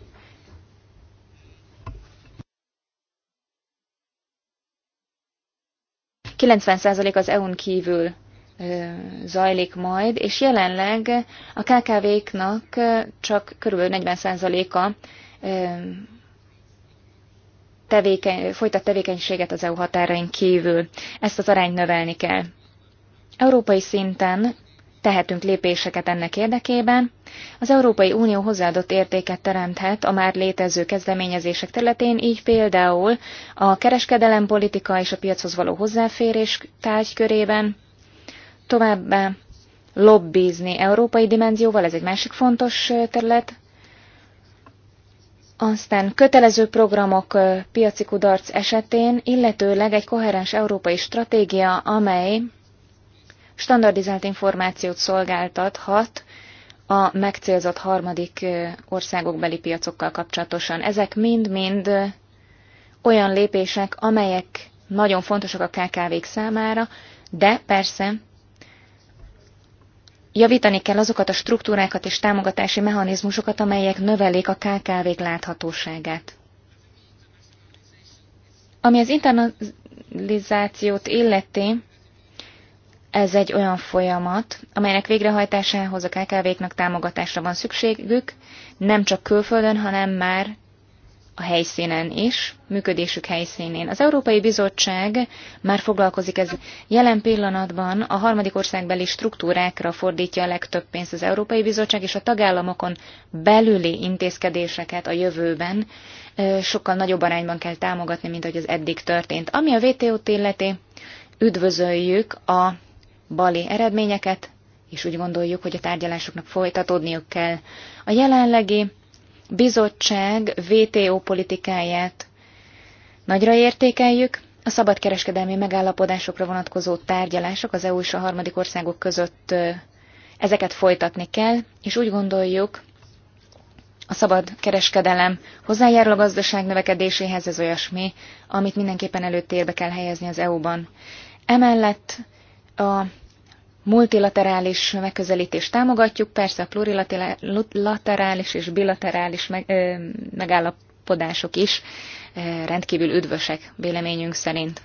...90% az EU-n kívül zajlik majd, és jelenleg a KKV-knak csak kb. 40%-a tevéke, folytat tevékenységet az EU határain kívül. Ezt az arányt növelni kell. Európai szinten tehetünk lépéseket ennek érdekében. Az Európai Unió hozzáadott értéket teremthet a már létező kezdeményezések területén, így például a kereskedelempolitika és a piachoz való hozzáférés tárgykörében, továbbá lobbizni európai dimenzióval, ez egy másik fontos terület, aztán kötelező programok piaci kudarc esetén, illetőleg egy koherens európai stratégia, amely standardizált információt szolgáltathat a megcélzott harmadik országok beli piacokkal kapcsolatosan. Ezek mind-mind olyan lépések, amelyek nagyon fontosak a KKV-k számára, de persze javítani kell azokat a struktúrákat és támogatási mechanizmusokat, amelyek növelik a KKV-k láthatóságát. Ami az internalizációt illeti, ez egy olyan folyamat, amelynek végrehajtásához a KKV-knak támogatásra van szükségük, nem csak külföldön, hanem már a helyszínen is, működésük helyszínén. Az Európai Bizottság már foglalkozik ez. Jelen pillanatban a harmadik országbeli struktúrákra fordítja a legtöbb pénzt az Európai Bizottság, és a tagállamokon belüli intézkedéseket a jövőben sokkal nagyobb arányban kell támogatni, mint ahogy az eddig történt. Ami a WTO-t illeti, üdvözöljük a bali eredményeket, és úgy gondoljuk, hogy a tárgyalásoknak folytatódniuk kell. A jelenlegi bizottság VTO politikáját nagyra értékeljük, a szabadkereskedelmi megállapodásokra vonatkozó tárgyalások az EU és a harmadik országok között ezeket folytatni kell, és úgy gondoljuk, a szabad kereskedelem hozzájárul a gazdaság növekedéséhez, ez olyasmi, amit mindenképpen előtérbe kell helyezni az EU-ban. Emellett a multilaterális megközelítést támogatjuk, persze a plurilaterális és bilaterális meg, ö, megállapodások is ö, rendkívül üdvösek véleményünk szerint.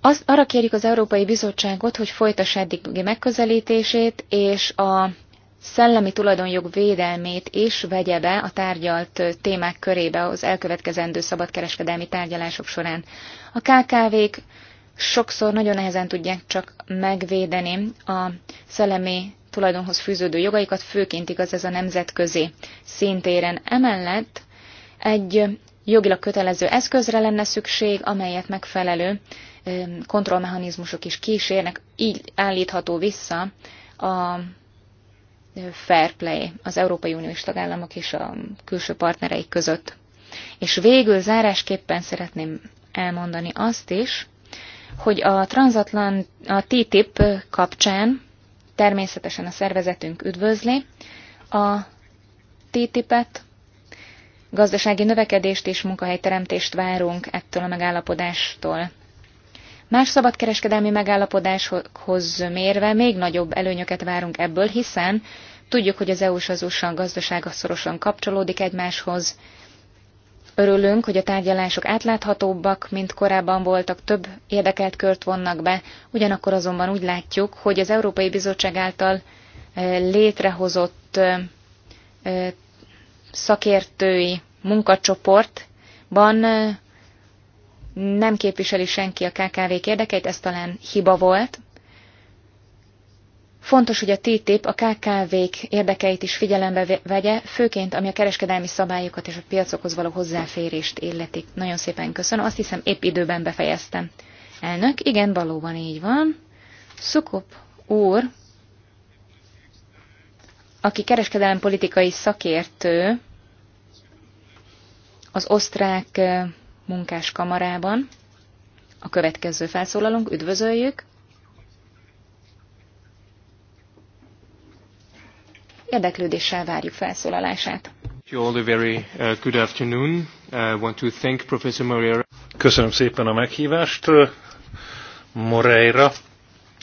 Az, arra kérjük az Európai Bizottságot, hogy folytassa eddigi megközelítését, és a szellemi tulajdonjog védelmét is vegye be a tárgyalt témák körébe az elkövetkezendő szabadkereskedelmi tárgyalások során. A KKV-k sokszor nagyon nehezen tudják csak megvédeni a szellemi tulajdonhoz fűződő jogaikat, főként igaz ez a nemzetközi szintéren. Emellett egy jogilag kötelező eszközre lenne szükség, amelyet megfelelő kontrollmechanizmusok is kísérnek, így állítható vissza a fair play az Európai Uniós tagállamok és a külső partnereik között. És végül zárásképpen szeretném elmondani azt is, hogy a transatlan a TTIP kapcsán természetesen a szervezetünk üdvözli a TTIP-et, gazdasági növekedést és munkahelyteremtést várunk ettől a megállapodástól. Más szabadkereskedelmi megállapodáshoz mérve még nagyobb előnyöket várunk ebből, hiszen tudjuk, hogy az EU-s az USA gazdasága szorosan kapcsolódik egymáshoz, Örülünk, hogy a tárgyalások átláthatóbbak, mint korábban voltak, több érdekelt kört vonnak be, ugyanakkor azonban úgy látjuk, hogy az Európai Bizottság által e, létrehozott e, e, szakértői munkacsoportban nem képviseli senki a KKV-k érdekeit, ez talán hiba volt. Fontos, hogy a TTIP a KKV-k érdekeit is figyelembe vegye, főként ami a kereskedelmi szabályokat és a piacokhoz való hozzáférést illeti. Nagyon szépen köszönöm, azt hiszem épp időben befejeztem. Elnök, igen, valóban így van. Szukop úr, aki kereskedelem politikai szakértő az osztrák eh, munkáskamarában, a következő felszólalunk, üdvözöljük. Érdeklődéssel várjuk felszólalását. Uh, uh, Köszönöm szépen a meghívást uh, Moreira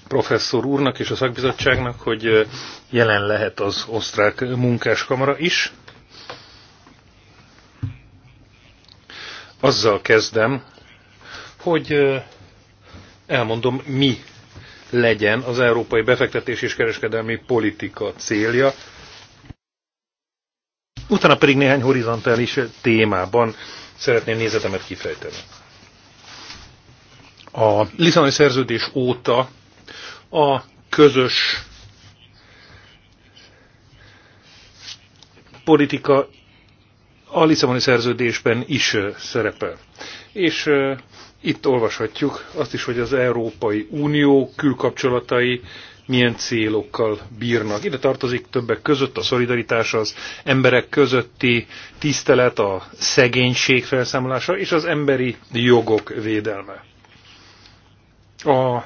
professzor úrnak és a szakbizottságnak, hogy jelen lehet az osztrák munkáskamara is. Azzal kezdem, hogy elmondom, mi legyen az európai befektetés és kereskedelmi politika célja Utána pedig néhány horizontális témában szeretném nézetemet kifejteni. A Lisszaboni szerződés óta a közös politika a Lisszaboni szerződésben is szerepel. És itt olvashatjuk azt is, hogy az Európai Unió külkapcsolatai milyen célokkal bírnak. Ide tartozik többek között a szolidaritás az emberek közötti tisztelet, a szegénység felszámolása és az emberi jogok védelme. A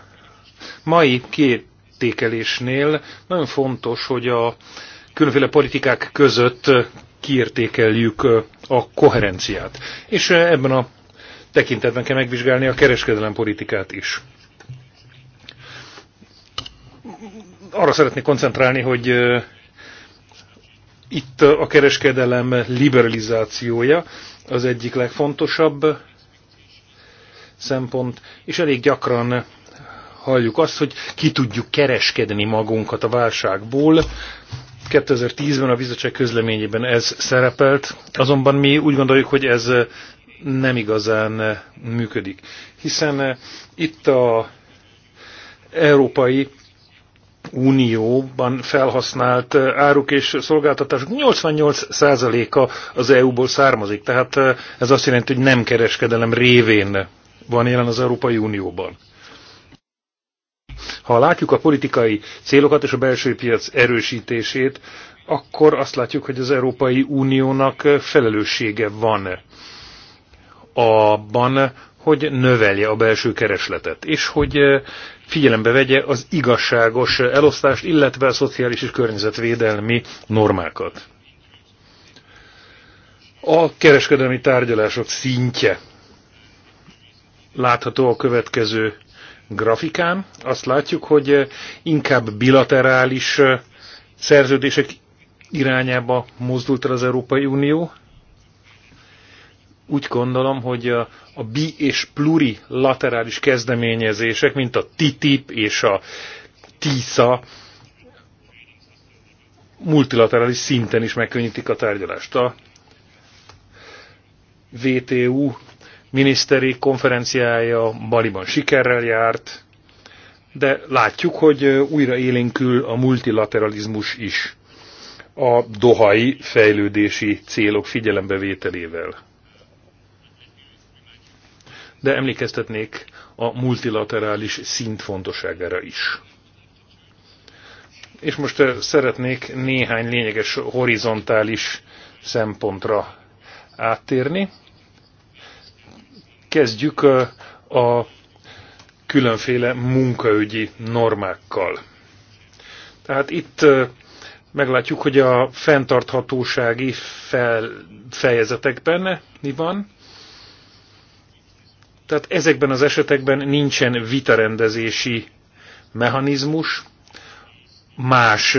mai kiértékelésnél nagyon fontos, hogy a különféle politikák között kiértékeljük a koherenciát. És ebben a tekintetben kell megvizsgálni a kereskedelem politikát is arra szeretnék koncentrálni, hogy itt a kereskedelem liberalizációja az egyik legfontosabb szempont, és elég gyakran halljuk azt, hogy ki tudjuk kereskedni magunkat a válságból. 2010-ben a bizottság közleményében ez szerepelt, azonban mi úgy gondoljuk, hogy ez nem igazán működik. Hiszen itt a európai Unióban felhasznált eh, áruk és szolgáltatások 88%-a az EU-ból származik, tehát eh, ez azt jelenti, hogy nem kereskedelem révén van jelen az Európai Unióban. Ha látjuk a politikai célokat és a belső piac erősítését, akkor azt látjuk, hogy az Európai Uniónak eh, felelőssége van abban, hogy növelje a belső keresletet, és hogy eh, figyelembe vegye az igazságos eh, elosztást, illetve a szociális és környezetvédelmi normákat. A kereskedelmi tárgyalások szintje látható a következő grafikán. Azt látjuk, hogy eh, inkább bilaterális szerződések irányába mozdult el az Európai Unió, úgy gondolom, hogy a, a bi- és plurilaterális kezdeményezések, mint a TTIP és a TISA, multilaterális szinten is megkönnyítik a tárgyalást. A VTU miniszteri konferenciája Baliban sikerrel járt, de látjuk, hogy újra élénkül a multilateralizmus is a dohai fejlődési célok figyelembevételével de emlékeztetnék a multilaterális szint fontosságára is. És most eh, szeretnék néhány lényeges horizontális szempontra áttérni. Kezdjük eh, a különféle munkaügyi normákkal. Tehát itt eh, meglátjuk, hogy a fenntarthatósági fel, fejezetekben mi van. Tehát ezekben az esetekben nincsen vitarendezési mechanizmus, más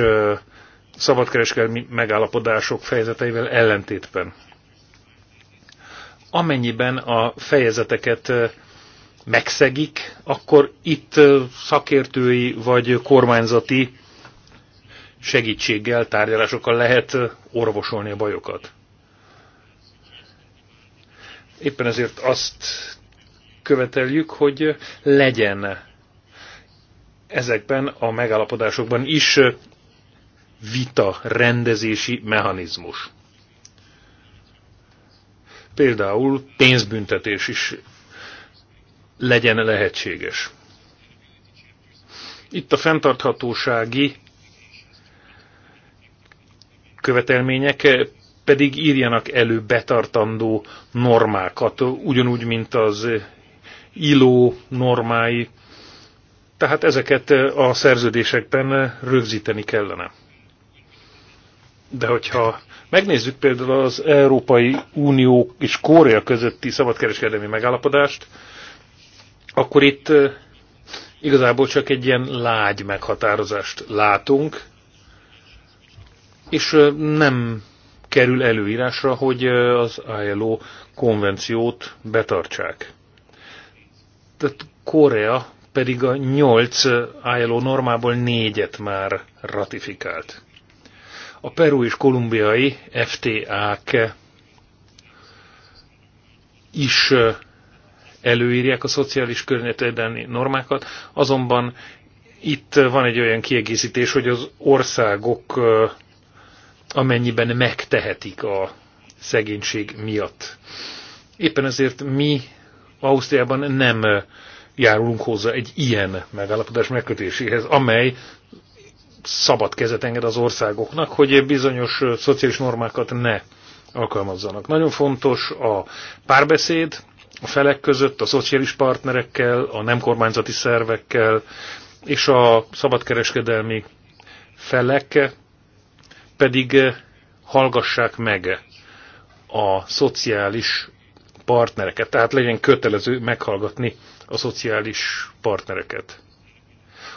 szabadkereskedelmi megállapodások fejezeteivel ellentétben. Amennyiben a fejezeteket megszegik, akkor itt szakértői vagy kormányzati segítséggel, tárgyalásokkal lehet orvosolni a bajokat. Éppen ezért azt követeljük, hogy legyen ezekben a megállapodásokban is vita rendezési mechanizmus. Például pénzbüntetés is legyen lehetséges. Itt a fenntarthatósági követelmények pedig írjanak elő betartandó normákat, ugyanúgy, mint az ILO normái, tehát ezeket eh, a szerződésekben eh, rögzíteni kellene. De hogyha megnézzük például az Európai Unió és Korea közötti szabadkereskedelmi megállapodást, akkor itt eh, igazából csak egy ilyen lágy meghatározást látunk, és nem kerül előírásra, hogy az ILO konvenciót betartsák tehát Korea pedig a nyolc ILO eh, normából négyet már ratifikált. A peru és kolumbiai FTA-k is eh, előírják a szociális környezetedeni normákat, azonban itt eh, van egy olyan kiegészítés, hogy az országok amennyiben megtehetik a szegénység miatt. Éppen ezért mi Ausztriában nem járulunk hozzá egy ilyen megállapodás megkötéséhez, amely szabad kezet enged az országoknak, hogy bizonyos szociális normákat ne alkalmazzanak. Nagyon fontos a párbeszéd a felek között, a szociális partnerekkel, a nem kormányzati szervekkel és a szabadkereskedelmi felek pedig hallgassák meg a szociális partnereket, tehát legyen kötelező meghallgatni a szociális partnereket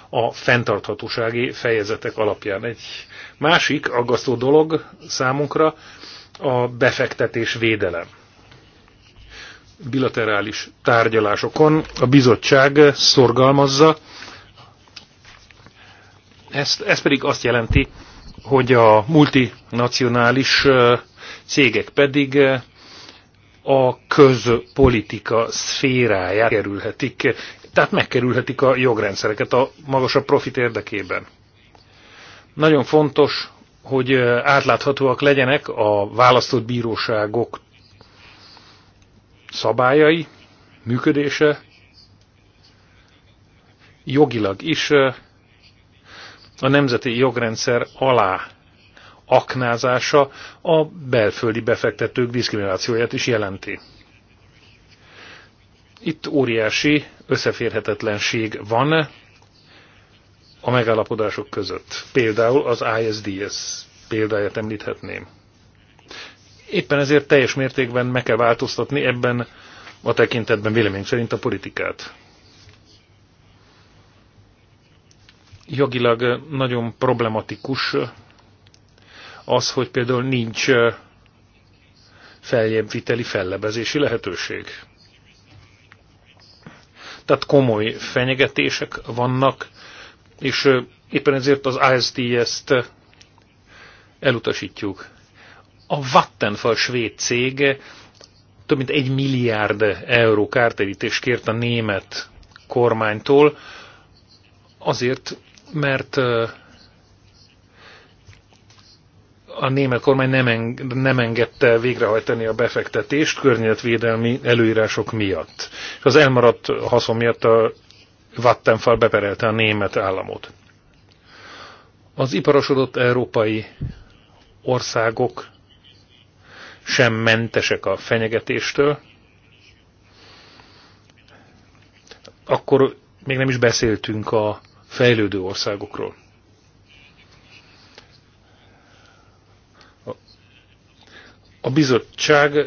a fenntarthatósági fejezetek alapján. Egy másik aggasztó dolog számunkra a befektetés védelem. Bilaterális tárgyalásokon a bizottság szorgalmazza, ez, ez pedig azt jelenti, hogy a multinacionális cégek pedig a közpolitika szféráját kerülhetik, tehát megkerülhetik a jogrendszereket a magasabb profit érdekében. Nagyon fontos, hogy átláthatóak legyenek a választott bíróságok szabályai, működése, jogilag is a nemzeti jogrendszer alá aknázása a belföldi befektetők diszkriminációját is jelenti. Itt óriási összeférhetetlenség van a megállapodások között. Például az ISDS példáját említhetném. Éppen ezért teljes mértékben meg kell változtatni ebben a tekintetben vélemény szerint a politikát. Jogilag nagyon problematikus az, hogy például nincs feljebbviteli fellebezési lehetőség. Tehát komoly fenyegetések vannak, és éppen ezért az ISDS-t elutasítjuk. A Vattenfall svéd cég több mint egy milliárd euró kártérítést kért a német kormánytól, azért, mert a német kormány nem, eng, nem engedte végrehajtani a befektetést környezetvédelmi előírások miatt. És az elmaradt haszon miatt a Vattenfall beperelte a német államot. Az iparosodott európai országok sem mentesek a fenyegetéstől, akkor még nem is beszéltünk a fejlődő országokról. A bizottság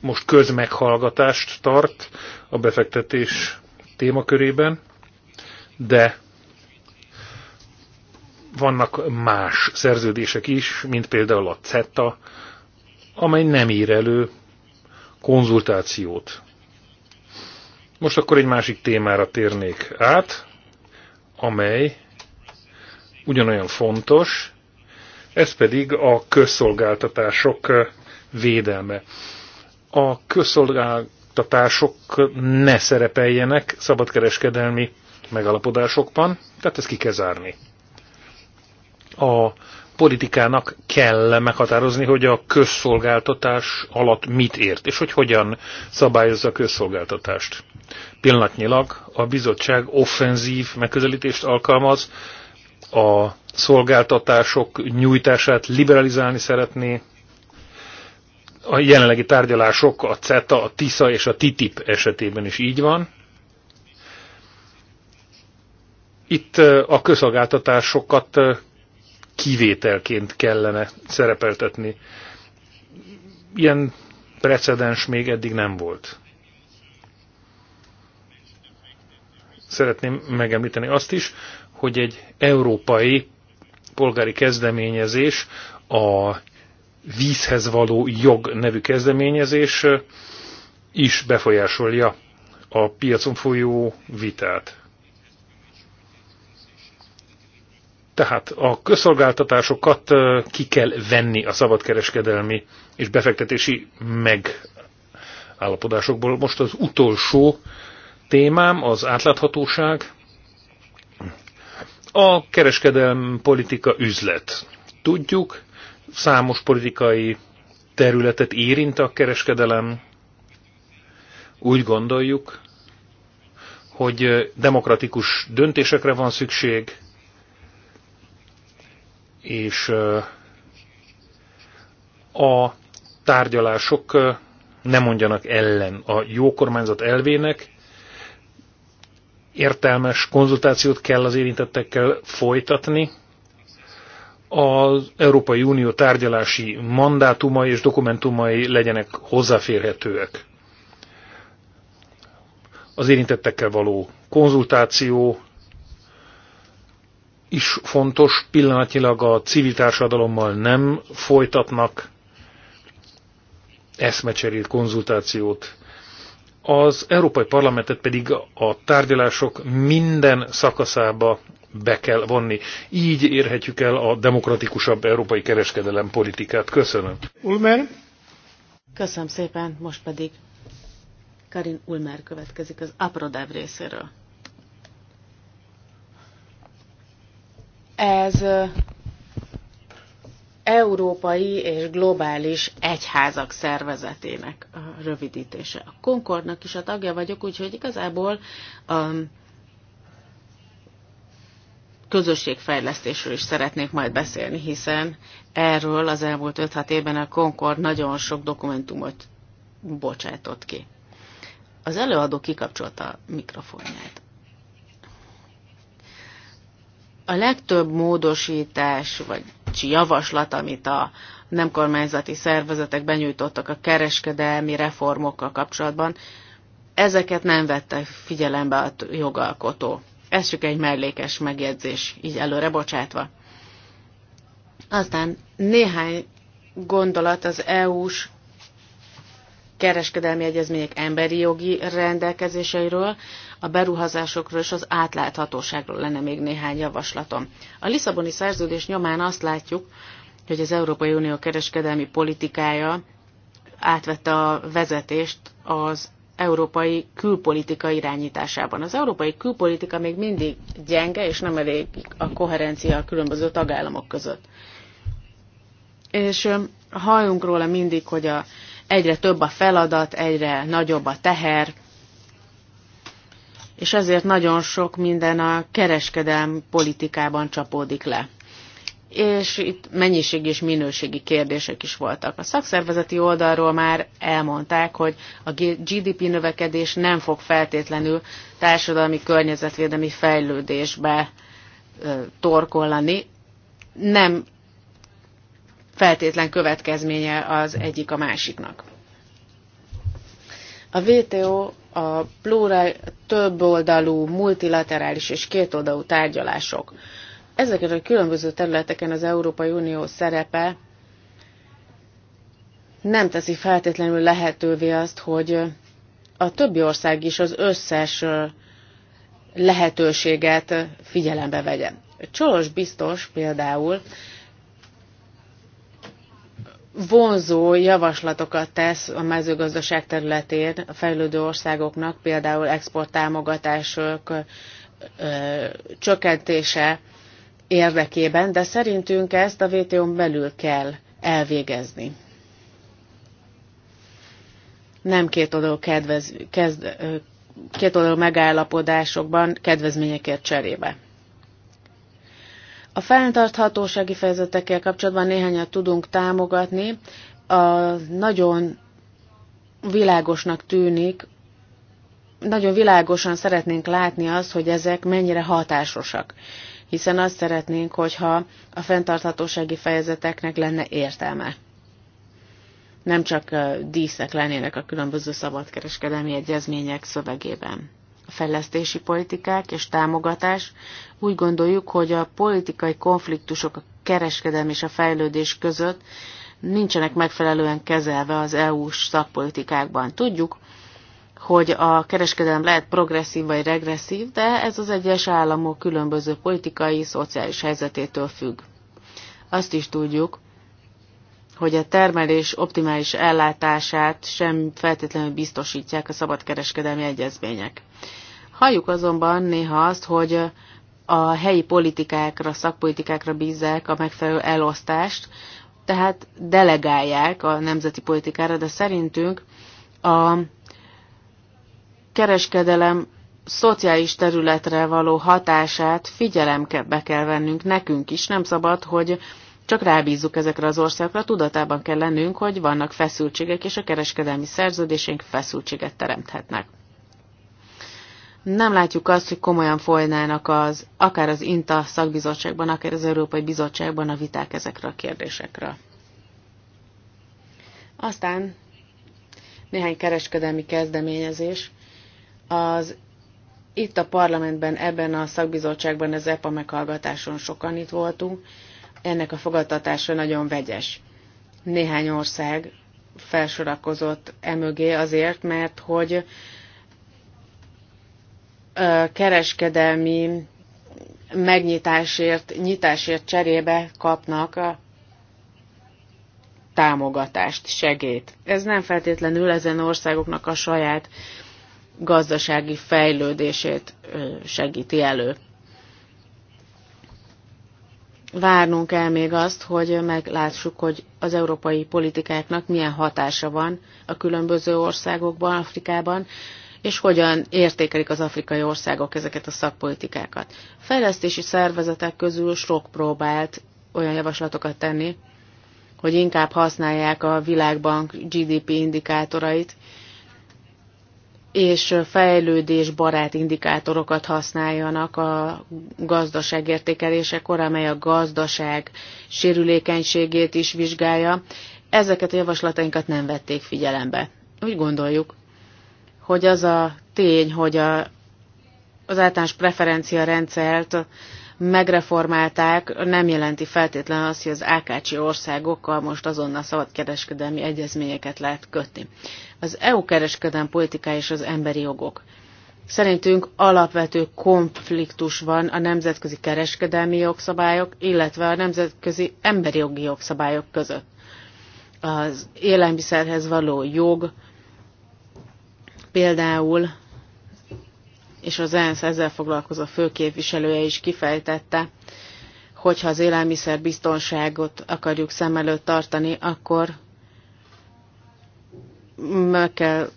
most közmeghallgatást tart a befektetés témakörében, de vannak más szerződések is, mint például a CETA, amely nem ír elő konzultációt. Most akkor egy másik témára térnék át, amely ugyanolyan fontos, ez pedig a közszolgáltatások védelme. A közszolgáltatások ne szerepeljenek szabadkereskedelmi megalapodásokban, tehát ezt ki kell zárni. A politikának kell meghatározni, hogy a közszolgáltatás alatt mit ért, és hogy hogyan szabályozza a közszolgáltatást. Pillanatnyilag a bizottság offenzív megközelítést alkalmaz a szolgáltatások nyújtását liberalizálni szeretné. A jelenlegi tárgyalások a CETA, a TISA és a TTIP esetében is így van. Itt a közszolgáltatásokat kivételként kellene szerepeltetni. Ilyen precedens még eddig nem volt. Szeretném megemlíteni azt is, hogy egy európai polgári kezdeményezés, a vízhez való jog nevű kezdeményezés is befolyásolja a piacon folyó vitát. Tehát a közszolgáltatásokat ki kell venni a szabadkereskedelmi és befektetési megállapodásokból. Most az utolsó témám az átláthatóság. A kereskedelmi politika üzlet. Tudjuk, számos politikai területet érint a kereskedelem. Úgy gondoljuk, hogy demokratikus döntésekre van szükség, és a tárgyalások nem mondjanak ellen a jó kormányzat elvének, értelmes konzultációt kell az érintettekkel folytatni. Az Európai Unió tárgyalási mandátumai és dokumentumai legyenek hozzáférhetőek. Az érintettekkel való konzultáció is fontos, pillanatnyilag a civil társadalommal nem folytatnak eszmecserét, konzultációt, az Európai Parlamentet pedig a tárgyalások minden szakaszába be kell vonni. Így érhetjük el a demokratikusabb európai kereskedelem politikát. Köszönöm. Ulmer? Köszönöm szépen, most pedig Karin Ulmer következik az Aprodev részéről. Ez európai és globális egyházak szervezetének a rövidítése. A Concordnak is a tagja vagyok, úgyhogy igazából a közösségfejlesztésről is szeretnék majd beszélni, hiszen erről az elmúlt 5-6 évben a Concord nagyon sok dokumentumot bocsátott ki. Az előadó kikapcsolta a mikrofonját. A legtöbb módosítás vagy javaslat, amit a nem kormányzati szervezetek benyújtottak a kereskedelmi reformokkal kapcsolatban, ezeket nem vette figyelembe a jogalkotó. Ez csak egy mellékes megjegyzés, így előre bocsátva. Aztán néhány gondolat az EU-s kereskedelmi egyezmények emberi jogi rendelkezéseiről a beruházásokról és az átláthatóságról lenne még néhány javaslatom. A Lisszaboni szerződés nyomán azt látjuk, hogy az Európai Unió kereskedelmi politikája átvette a vezetést az európai külpolitika irányításában. Az európai külpolitika még mindig gyenge, és nem elég a koherencia a különböző tagállamok között. És halljunk róla mindig, hogy a, egyre több a feladat, egyre nagyobb a teher, és ezért nagyon sok minden a kereskedelmi politikában csapódik le. És itt mennyiség és minőségi kérdések is voltak. A szakszervezeti oldalról már elmondták, hogy a GDP növekedés nem fog feltétlenül társadalmi környezetvédelmi fejlődésbe torkollani. Nem feltétlen következménye az egyik a másiknak. A WTO a plural, több oldalú, multilaterális és kétoldalú tárgyalások. Ezeket a különböző területeken az Európai Unió szerepe nem teszi feltétlenül lehetővé azt, hogy a többi ország is az összes lehetőséget figyelembe vegye. Csolos biztos például vonzó javaslatokat tesz a mezőgazdaság területén a fejlődő országoknak, például exporttámogatások csökkentése érdekében, de szerintünk ezt a WTO-n belül kell elvégezni. Nem két oldal, kedvez, kezd, két oldal megállapodásokban kedvezményekért cserébe. A fenntarthatósági fejezetekkel kapcsolatban néhányat tudunk támogatni. A nagyon világosnak tűnik, nagyon világosan szeretnénk látni azt, hogy ezek mennyire hatásosak. Hiszen azt szeretnénk, hogyha a fenntarthatósági fejezeteknek lenne értelme. Nem csak díszek lennének a különböző szabadkereskedelmi egyezmények szövegében fejlesztési politikák és támogatás. Úgy gondoljuk, hogy a politikai konfliktusok a kereskedelem és a fejlődés között nincsenek megfelelően kezelve az EU-s szakpolitikákban. Tudjuk, hogy a kereskedelem lehet progresszív vagy regresszív, de ez az egyes államok különböző politikai, szociális helyzetétől függ. Azt is tudjuk, hogy a termelés optimális ellátását sem feltétlenül biztosítják a szabadkereskedelmi egyezmények. Halljuk azonban néha azt, hogy a helyi politikákra, szakpolitikákra bízzák a megfelelő elosztást, tehát delegálják a nemzeti politikára, de szerintünk a kereskedelem szociális területre való hatását figyelembe kell vennünk nekünk is. Nem szabad, hogy csak rábízzuk ezekre az országokra, tudatában kell lennünk, hogy vannak feszültségek, és a kereskedelmi szerződésénk feszültséget teremthetnek. Nem látjuk azt, hogy komolyan folynának az, akár az INTA szakbizottságban, akár az Európai Bizottságban a viták ezekre a kérdésekre. Aztán néhány kereskedelmi kezdeményezés. Az itt a parlamentben, ebben a szakbizottságban, az EPA meghallgatáson sokan itt voltunk, ennek a fogadtatása nagyon vegyes. Néhány ország felsorakozott emögé azért, mert hogy kereskedelmi megnyitásért, nyitásért cserébe kapnak a támogatást, segét. Ez nem feltétlenül ezen országoknak a saját gazdasági fejlődését segíti elő várnunk kell még azt, hogy meglássuk, hogy az európai politikáknak milyen hatása van a különböző országokban, Afrikában, és hogyan értékelik az afrikai országok ezeket a szakpolitikákat. A fejlesztési szervezetek közül sok próbált olyan javaslatokat tenni, hogy inkább használják a világbank GDP indikátorait, és fejlődés barát indikátorokat használjanak a gazdaságértékelésekor, amely a gazdaság sérülékenységét is vizsgálja. Ezeket a javaslatainkat nem vették figyelembe. Úgy gondoljuk, hogy az a tény, hogy a, az általános preferencia rendszert megreformálták, nem jelenti feltétlenül azt, hogy az ákácsi országokkal most azonnal szabadkereskedelmi egyezményeket lehet kötni. Az EU kereskedelmi politiká és az emberi jogok. Szerintünk alapvető konfliktus van a nemzetközi kereskedelmi jogszabályok, illetve a nemzetközi emberi jogi jogszabályok között. Az élelmiszerhez való jog például és az ENSZ ezzel foglalkozó főképviselője is kifejtette, hogy ha az élelmiszerbiztonságot akarjuk szem előtt tartani, akkor meg kell,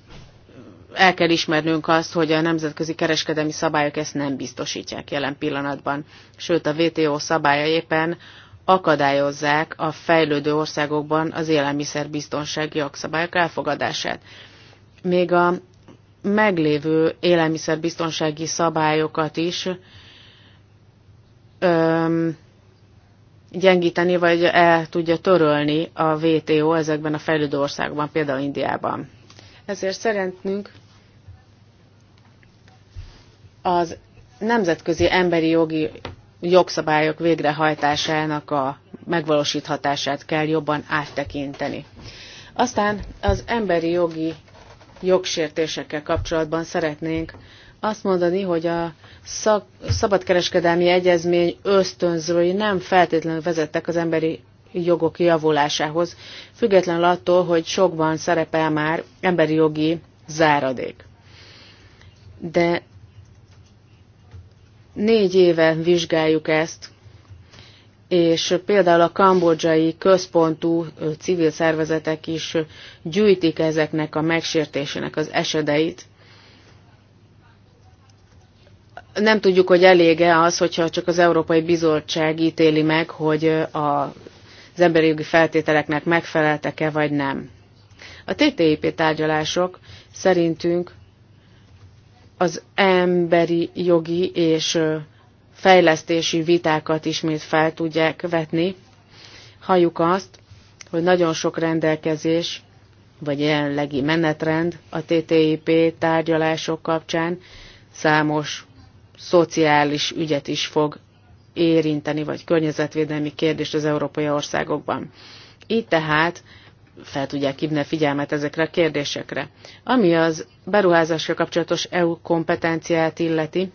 el kell ismernünk azt, hogy a nemzetközi kereskedelmi szabályok ezt nem biztosítják jelen pillanatban. Sőt, a WTO szabálya éppen akadályozzák a fejlődő országokban az élelmiszerbiztonsági jogszabályok elfogadását. Még a meglévő élelmiszerbiztonsági szabályokat is öm, gyengíteni, vagy el tudja törölni a WTO ezekben a fejlődő országokban, például Indiában. Ezért szeretnünk az nemzetközi emberi jogi jogszabályok végrehajtásának a megvalósíthatását kell jobban áttekinteni. Aztán az emberi jogi jogsértésekkel kapcsolatban szeretnénk azt mondani, hogy a szak, szabadkereskedelmi egyezmény ösztönzői nem feltétlenül vezettek az emberi jogok javulásához, függetlenül attól, hogy sokban szerepel már emberi jogi záradék. De négy éve vizsgáljuk ezt, és például a kambodzsai központú civil szervezetek is gyűjtik ezeknek a megsértésének az esedeit. Nem tudjuk, hogy elége az, hogyha csak az Európai Bizottság ítéli meg, hogy a, az emberi jogi feltételeknek megfeleltek-e vagy nem. A TTIP tárgyalások szerintünk az emberi jogi és fejlesztési vitákat ismét fel tudják vetni. Halljuk azt, hogy nagyon sok rendelkezés, vagy jelenlegi menetrend a TTIP tárgyalások kapcsán számos szociális ügyet is fog érinteni, vagy környezetvédelmi kérdést az európai országokban. Így tehát fel tudják hívni a figyelmet ezekre a kérdésekre. Ami az beruházásra kapcsolatos EU kompetenciát illeti,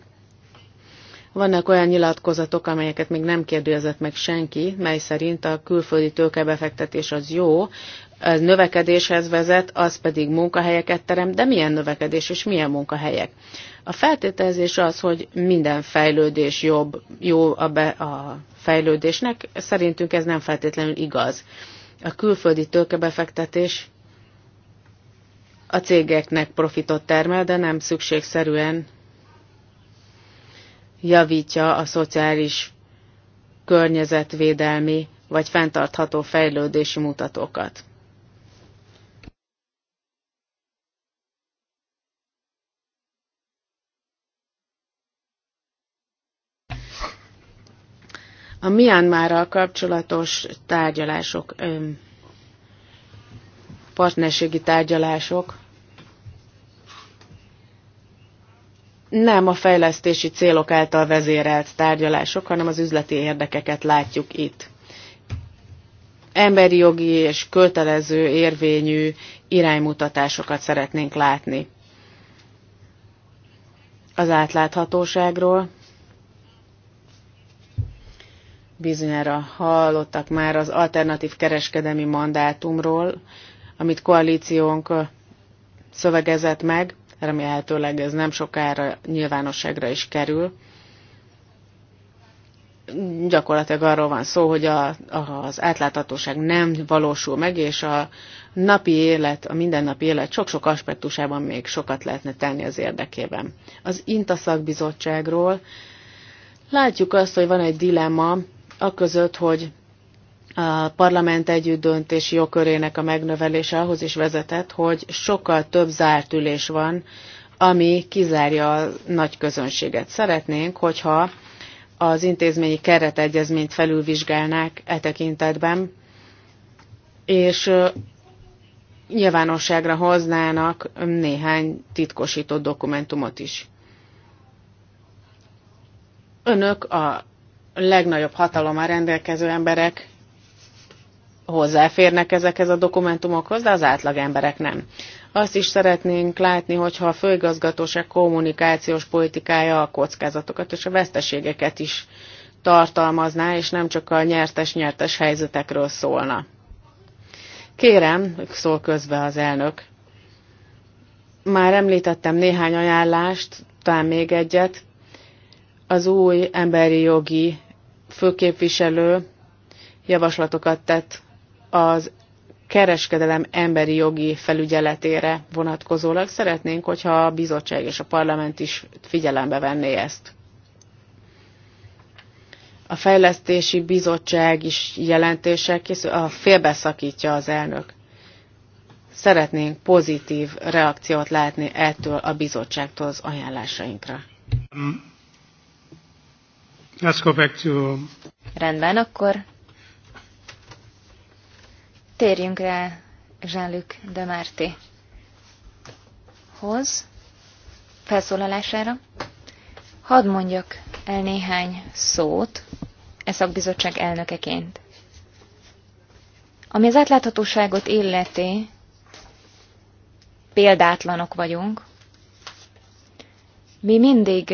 vannak olyan nyilatkozatok, amelyeket még nem kérdőjezett meg senki, mely szerint a külföldi tőkebefektetés az jó, ez növekedéshez vezet, az pedig munkahelyeket terem, de milyen növekedés és milyen munkahelyek? A feltételezés az, hogy minden fejlődés jobb, jó a, be, a fejlődésnek, szerintünk ez nem feltétlenül igaz. A külföldi tőkebefektetés a cégeknek profitot termel, de nem szükségszerűen javítja a szociális környezetvédelmi vagy fenntartható fejlődési mutatókat. A Myanmarral kapcsolatos tárgyalások, partnerségi tárgyalások nem a fejlesztési célok által vezérelt tárgyalások, hanem az üzleti érdekeket látjuk itt. Emberi jogi és kötelező érvényű iránymutatásokat szeretnénk látni. Az átláthatóságról bizonyára hallottak már az alternatív kereskedemi mandátumról, amit koalíciónk szövegezett meg, remélhetőleg ez nem sokára nyilvánosságra is kerül. Gyakorlatilag arról van szó, hogy a, az átláthatóság nem valósul meg, és a napi élet, a mindennapi élet sok-sok aspektusában még sokat lehetne tenni az érdekében. Az INTA szakbizottságról látjuk azt, hogy van egy dilemma, a között, hogy a parlament együttdöntési jogkörének a megnövelése ahhoz is vezetett, hogy sokkal több zárt ülés van, ami kizárja a nagy közönséget. Szeretnénk, hogyha az intézményi keretegyezményt felülvizsgálnák e tekintetben, és nyilvánosságra hoznának néhány titkosított dokumentumot is. Önök a legnagyobb hatalommal rendelkező emberek, hozzáférnek ezekhez a dokumentumokhoz, de az átlag emberek nem. Azt is szeretnénk látni, hogyha a főigazgatóság kommunikációs politikája a kockázatokat és a veszteségeket is tartalmazná, és nem csak a nyertes-nyertes helyzetekről szólna. Kérem, szól közbe az elnök, már említettem néhány ajánlást, talán még egyet. Az új emberi jogi főképviselő javaslatokat tett az kereskedelem emberi jogi felügyeletére vonatkozólag szeretnénk, hogyha a bizottság és a parlament is figyelembe venné ezt. A fejlesztési bizottság is jelentéssel készül, a félbeszakítja az elnök. Szeretnénk pozitív reakciót látni ettől a bizottságtól az ajánlásainkra. Hm. Rendben, akkor Térjünk rá Jean-Luc de Marti hoz felszólalására. Hadd mondjak el néhány szót e szakbizottság elnökeként. Ami az átláthatóságot illeti, példátlanok vagyunk. Mi mindig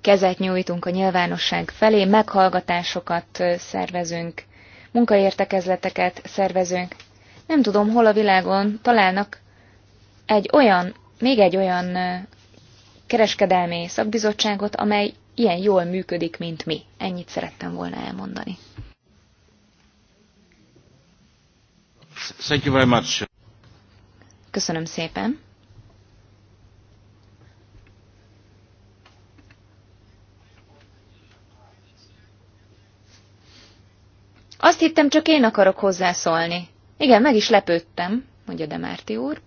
kezet nyújtunk a nyilvánosság felé, meghallgatásokat szervezünk, munkaértekezleteket szervezünk. Nem tudom, hol a világon találnak egy olyan, még egy olyan kereskedelmi szakbizottságot, amely ilyen jól működik, mint mi. Ennyit szerettem volna elmondani. Thank you very much. Köszönöm szépen. Azt hittem, csak én akarok hozzászólni. Igen, meg is lepődtem, mondja Demárti úr.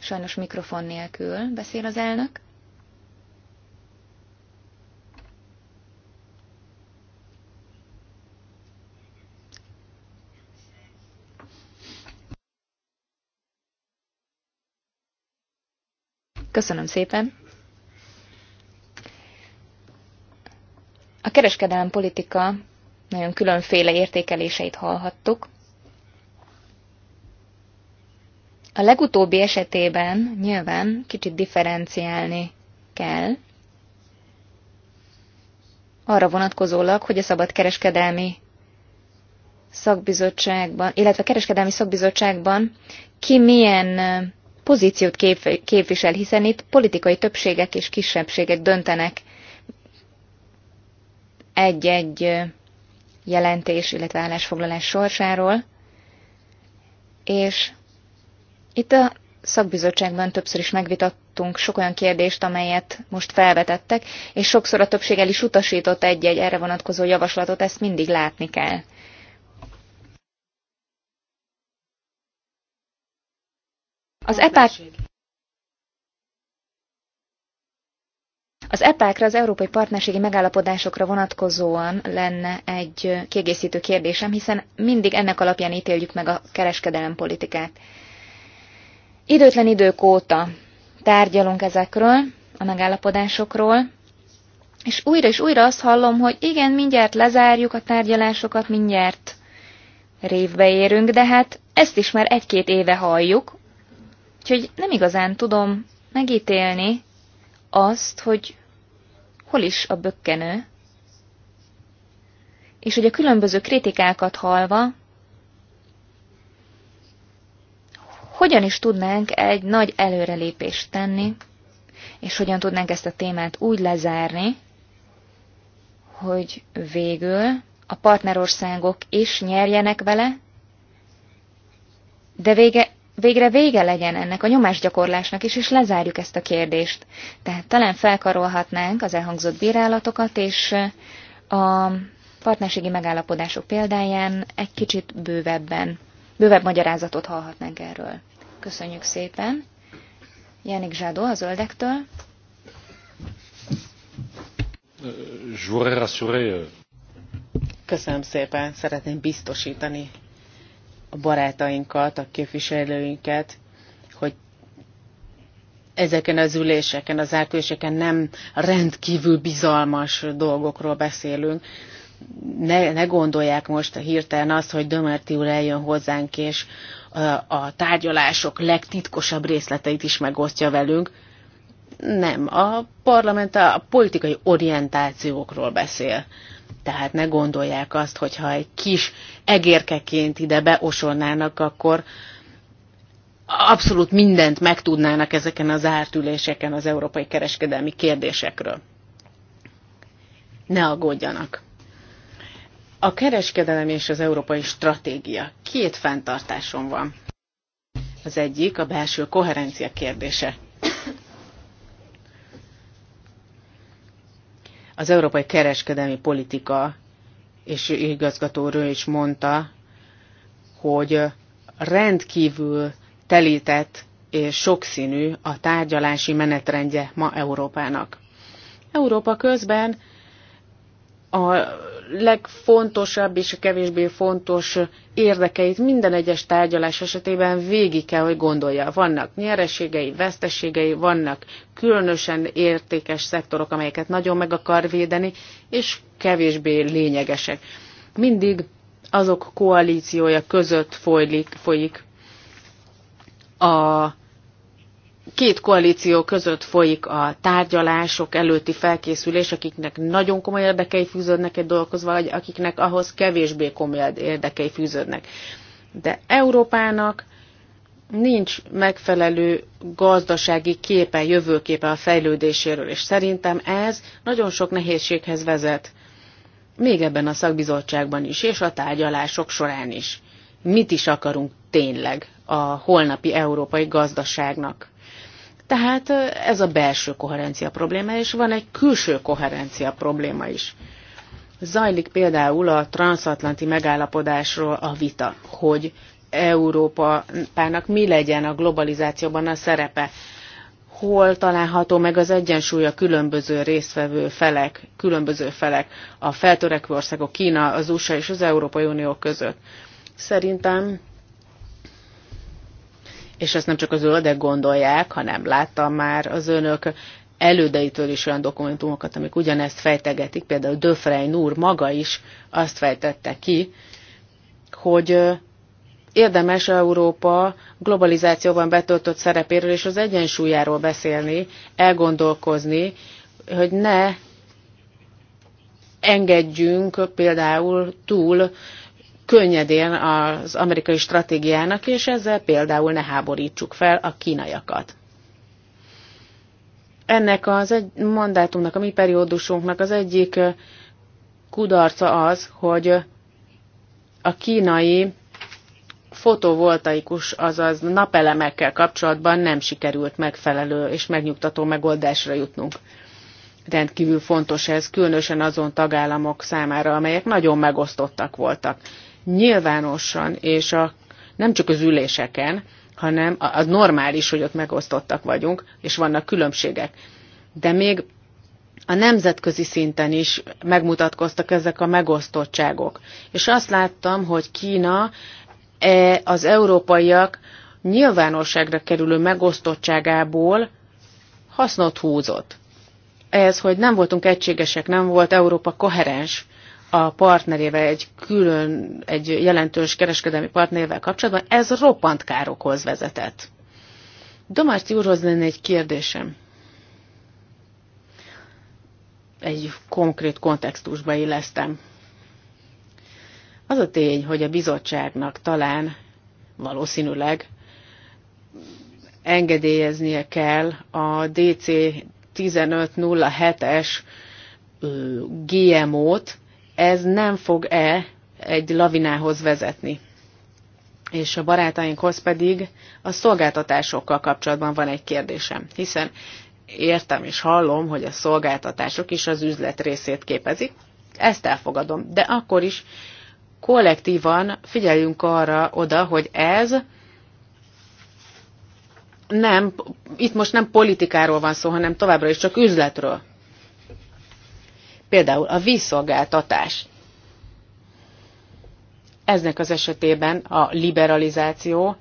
Sajnos mikrofon nélkül beszél az elnök. Köszönöm szépen. kereskedelem politika nagyon különféle értékeléseit hallhattuk. A legutóbbi esetében nyilván kicsit differenciálni kell, arra vonatkozólag, hogy a szabad kereskedelmi szakbizottságban, illetve a kereskedelmi szakbizottságban ki milyen pozíciót képvisel, hiszen itt politikai többségek és kisebbségek döntenek egy-egy jelentés, illetve állásfoglalás sorsáról, és itt a szakbizottságban többször is megvitattunk sok olyan kérdést, amelyet most felvetettek, és sokszor a többség el is utasított egy-egy erre vonatkozó javaslatot, ezt mindig látni kell. Az EPÁK Az EPÁKra, e az Európai Partnerségi Megállapodásokra vonatkozóan lenne egy kiegészítő kérdésem, hiszen mindig ennek alapján ítéljük meg a kereskedelempolitikát. Időtlen idők óta tárgyalunk ezekről, a megállapodásokról, és újra és újra azt hallom, hogy igen, mindjárt lezárjuk a tárgyalásokat, mindjárt révbe érünk, de hát ezt is már egy-két éve halljuk, úgyhogy nem igazán tudom megítélni azt, hogy hol is a bökkenő, és hogy a különböző kritikákat hallva, hogyan is tudnánk egy nagy előrelépést tenni, és hogyan tudnánk ezt a témát úgy lezárni, hogy végül a partnerországok is nyerjenek vele, de vége végre vége legyen ennek a nyomásgyakorlásnak is, és lezárjuk ezt a kérdést. Tehát talán felkarolhatnánk az elhangzott bírálatokat, és a partnerségi megállapodások példáján egy kicsit bővebben, bővebb magyarázatot hallhatnánk erről. Köszönjük szépen. Jánik Zsádó a Zöldektől. Euh, Köszönöm szépen, szeretném biztosítani a barátainkat, a képviselőinket, hogy ezeken az üléseken, az átüléseken nem rendkívül bizalmas dolgokról beszélünk. Ne, ne gondolják most hirtelen azt, hogy Dömerti úr eljön hozzánk, és a tárgyalások legtitkosabb részleteit is megosztja velünk. Nem, a parlament a politikai orientációkról beszél. Tehát ne gondolják azt, hogyha egy kis egérkeként ide beosolnának, akkor abszolút mindent megtudnának ezeken az ártüléseken az európai kereskedelmi kérdésekről. Ne aggódjanak. A kereskedelem és az európai stratégia. Két fenntartásom van. Az egyik a belső koherencia kérdése. az európai kereskedelmi politika és igazgatóról is mondta, hogy rendkívül telített és sokszínű a tárgyalási menetrendje ma Európának. Európa közben a legfontosabb és a kevésbé fontos érdekeit minden egyes tárgyalás esetében végig kell, hogy gondolja. Vannak nyereségei, veszteségei, vannak különösen értékes szektorok, amelyeket nagyon meg akar védeni, és kevésbé lényegesek. Mindig azok koalíciója között folyik, folyik a két koalíció között folyik a tárgyalások előtti felkészülés, akiknek nagyon komoly érdekei fűződnek egy dolgokhoz, vagy akiknek ahhoz kevésbé komoly érdekei fűződnek. De Európának nincs megfelelő gazdasági képe, jövőképe a fejlődéséről, és szerintem ez nagyon sok nehézséghez vezet, még ebben a szakbizottságban is, és a tárgyalások során is. Mit is akarunk tényleg a holnapi európai gazdaságnak? Tehát ez a belső koherencia probléma, és van egy külső koherencia probléma is. Zajlik például a transatlanti megállapodásról a vita, hogy Európának mi legyen a globalizációban a szerepe, hol található meg az egyensúly a különböző résztvevő felek, különböző felek, a feltörekvő országok Kína, az USA és az Európai Unió között. Szerintem és ezt nem csak az zöldek gondolják, hanem láttam már az önök elődeitől is olyan dokumentumokat, amik ugyanezt fejtegetik, például Döfrej Núr maga is azt fejtette ki, hogy érdemes Európa globalizációban betöltött szerepéről és az egyensúlyáról beszélni, elgondolkozni, hogy ne engedjünk például túl könnyedén az amerikai stratégiának, és ezzel például ne háborítsuk fel a kínaiakat. Ennek az egy mandátumnak, a mi periódusunknak az egyik kudarca az, hogy a kínai fotovoltaikus, azaz napelemekkel kapcsolatban nem sikerült megfelelő és megnyugtató megoldásra jutnunk. Rendkívül fontos ez, különösen azon tagállamok számára, amelyek nagyon megosztottak voltak nyilvánosan, és a, nem csak az üléseken, hanem az normális, hogy ott megosztottak vagyunk, és vannak különbségek. De még a nemzetközi szinten is megmutatkoztak ezek a megosztottságok. És azt láttam, hogy Kína e, az európaiak nyilvánosságra kerülő megosztottságából hasznot húzott. Ez, hogy nem voltunk egységesek, nem volt Európa koherens, a partnerével, egy külön, egy jelentős kereskedelmi partnerével kapcsolatban, ez roppant károkhoz vezetett. Domárci úrhoz lenne egy kérdésem. Egy konkrét kontextusba illesztem. Az a tény, hogy a bizottságnak talán valószínűleg engedélyeznie kell a DC 1507-es GMO-t, ez nem fog-e egy lavinához vezetni. És a barátainkhoz pedig a szolgáltatásokkal kapcsolatban van egy kérdésem, hiszen értem és hallom, hogy a szolgáltatások is az üzlet részét képezik, ezt elfogadom, de akkor is kollektívan figyeljünk arra oda, hogy ez nem, itt most nem politikáról van szó, hanem továbbra is csak üzletről. Például a vízszolgáltatás. Eznek az esetében a liberalizáció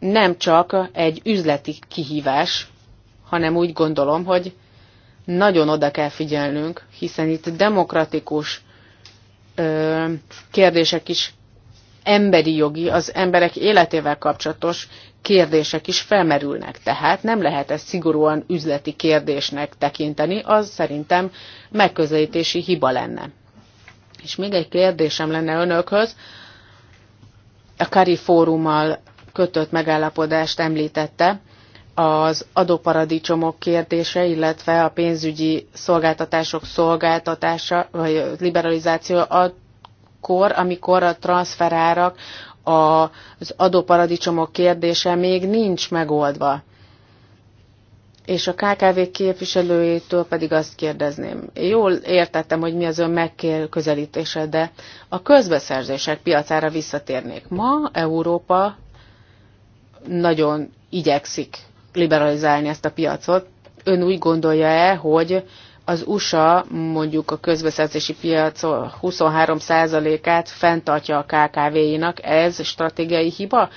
nem csak egy üzleti kihívás, hanem úgy gondolom, hogy nagyon oda kell figyelnünk, hiszen itt demokratikus ö, kérdések is emberi jogi, az emberek életével kapcsolatos kérdések is felmerülnek. Tehát nem lehet ezt szigorúan üzleti kérdésnek tekinteni, az szerintem megközelítési hiba lenne. És még egy kérdésem lenne önökhöz. A Kari Fórummal kötött megállapodást említette, az adóparadicsomok kérdése, illetve a pénzügyi szolgáltatások szolgáltatása, vagy liberalizáció akkor, amikor a transferárak az adóparadicsomok kérdése még nincs megoldva. És a KKV képviselőjétől pedig azt kérdezném. Jól értettem, hogy mi az ön megközelítése, de a közbeszerzések piacára visszatérnék. Ma Európa nagyon igyekszik liberalizálni ezt a piacot. Ön úgy gondolja-e, hogy az USA mondjuk a közbeszerzési piac 23%-át fenntartja a KKV-inak, ez stratégiai hiba?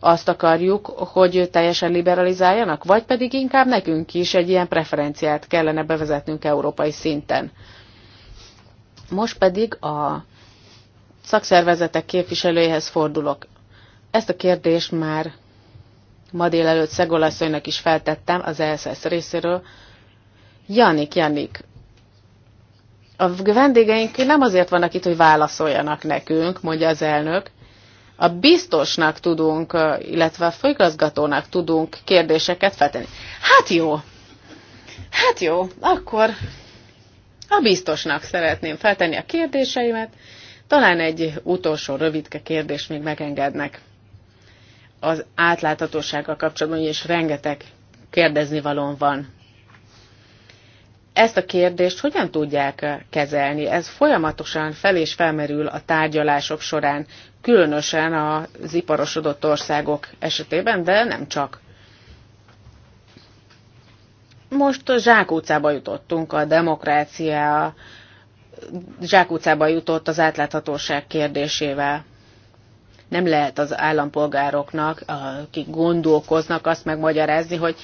Azt akarjuk, hogy teljesen liberalizáljanak? Vagy pedig inkább nekünk is egy ilyen preferenciát kellene bevezetnünk európai szinten? Most pedig a szakszervezetek képviselőjéhez fordulok. Ezt a kérdést már ma délelőtt Szegolasszonynak is feltettem az ESS részéről, Janik, Janik, a vendégeink nem azért vannak itt, hogy válaszoljanak nekünk, mondja az elnök. A biztosnak tudunk, illetve a főigazgatónak tudunk kérdéseket feltenni. Hát jó, hát jó, akkor a biztosnak szeretném feltenni a kérdéseimet. Talán egy utolsó rövidke kérdés még megengednek. Az átláthatósággal kapcsolatban és rengeteg kérdezni valón van ezt a kérdést hogyan tudják eh, kezelni? Ez folyamatosan fel és felmerül a tárgyalások során, különösen az iparosodott országok esetében, de nem csak. Most zsákutcába jutottunk a demokrácia, zsákutcába jutott az átláthatóság kérdésével. Nem lehet az állampolgároknak, akik gondolkoznak, azt megmagyarázni, hogy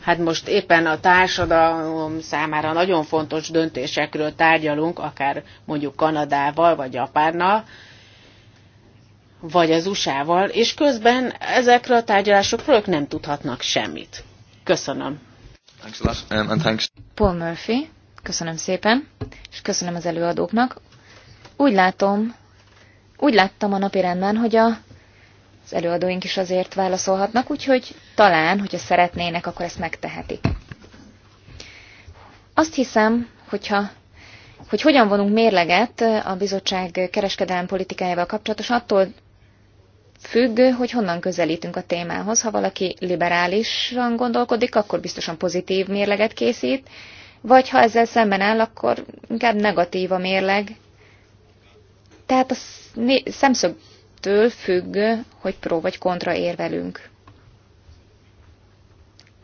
hát most éppen a társadalom számára nagyon fontos döntésekről tárgyalunk, akár mondjuk Kanadával vagy Japánnal, vagy az USA-val, és közben ezekről a tárgyalásokról ők nem tudhatnak semmit. Köszönöm. Um, Paul Murphy, köszönöm szépen, és köszönöm az előadóknak. Úgy látom, úgy láttam a rendben, hogy a, az előadóink is azért válaszolhatnak, úgyhogy talán, hogyha szeretnének, akkor ezt megtehetik. Azt hiszem, hogyha hogy hogyan vonunk mérleget a bizottság kereskedelmi politikájával kapcsolatos, attól függ, hogy honnan közelítünk a témához. Ha valaki liberálisan gondolkodik, akkor biztosan pozitív mérleget készít, vagy ha ezzel szemben áll, akkor inkább negatív a mérleg, tehát a szemszögtől függ, hogy pró vagy kontra érvelünk.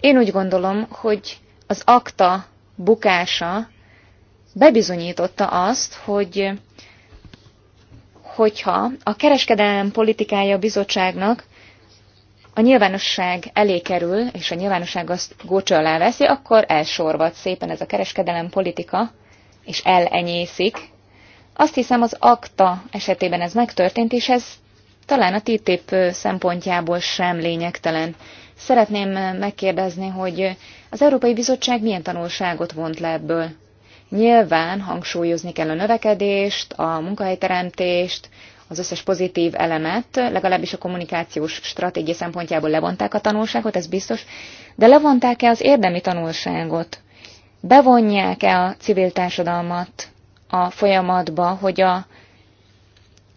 Én úgy gondolom, hogy az akta bukása bebizonyította azt, hogy hogyha a kereskedelem politikája a bizottságnak a nyilvánosság elé kerül, és a nyilvánosság azt gócsa alá veszi, akkor elsorvad szépen ez a kereskedelem politika, és elenyészik, azt hiszem az akta esetében ez megtörtént, és ez talán a TTIP szempontjából sem lényegtelen. Szeretném megkérdezni, hogy az Európai Bizottság milyen tanulságot vont le ebből? Nyilván hangsúlyozni kell a növekedést, a munkahelyteremtést, az összes pozitív elemet, legalábbis a kommunikációs stratégia szempontjából levonták a tanulságot, ez biztos, de levonták-e az érdemi tanulságot? Bevonják-e a civil társadalmat a folyamatba, hogy a,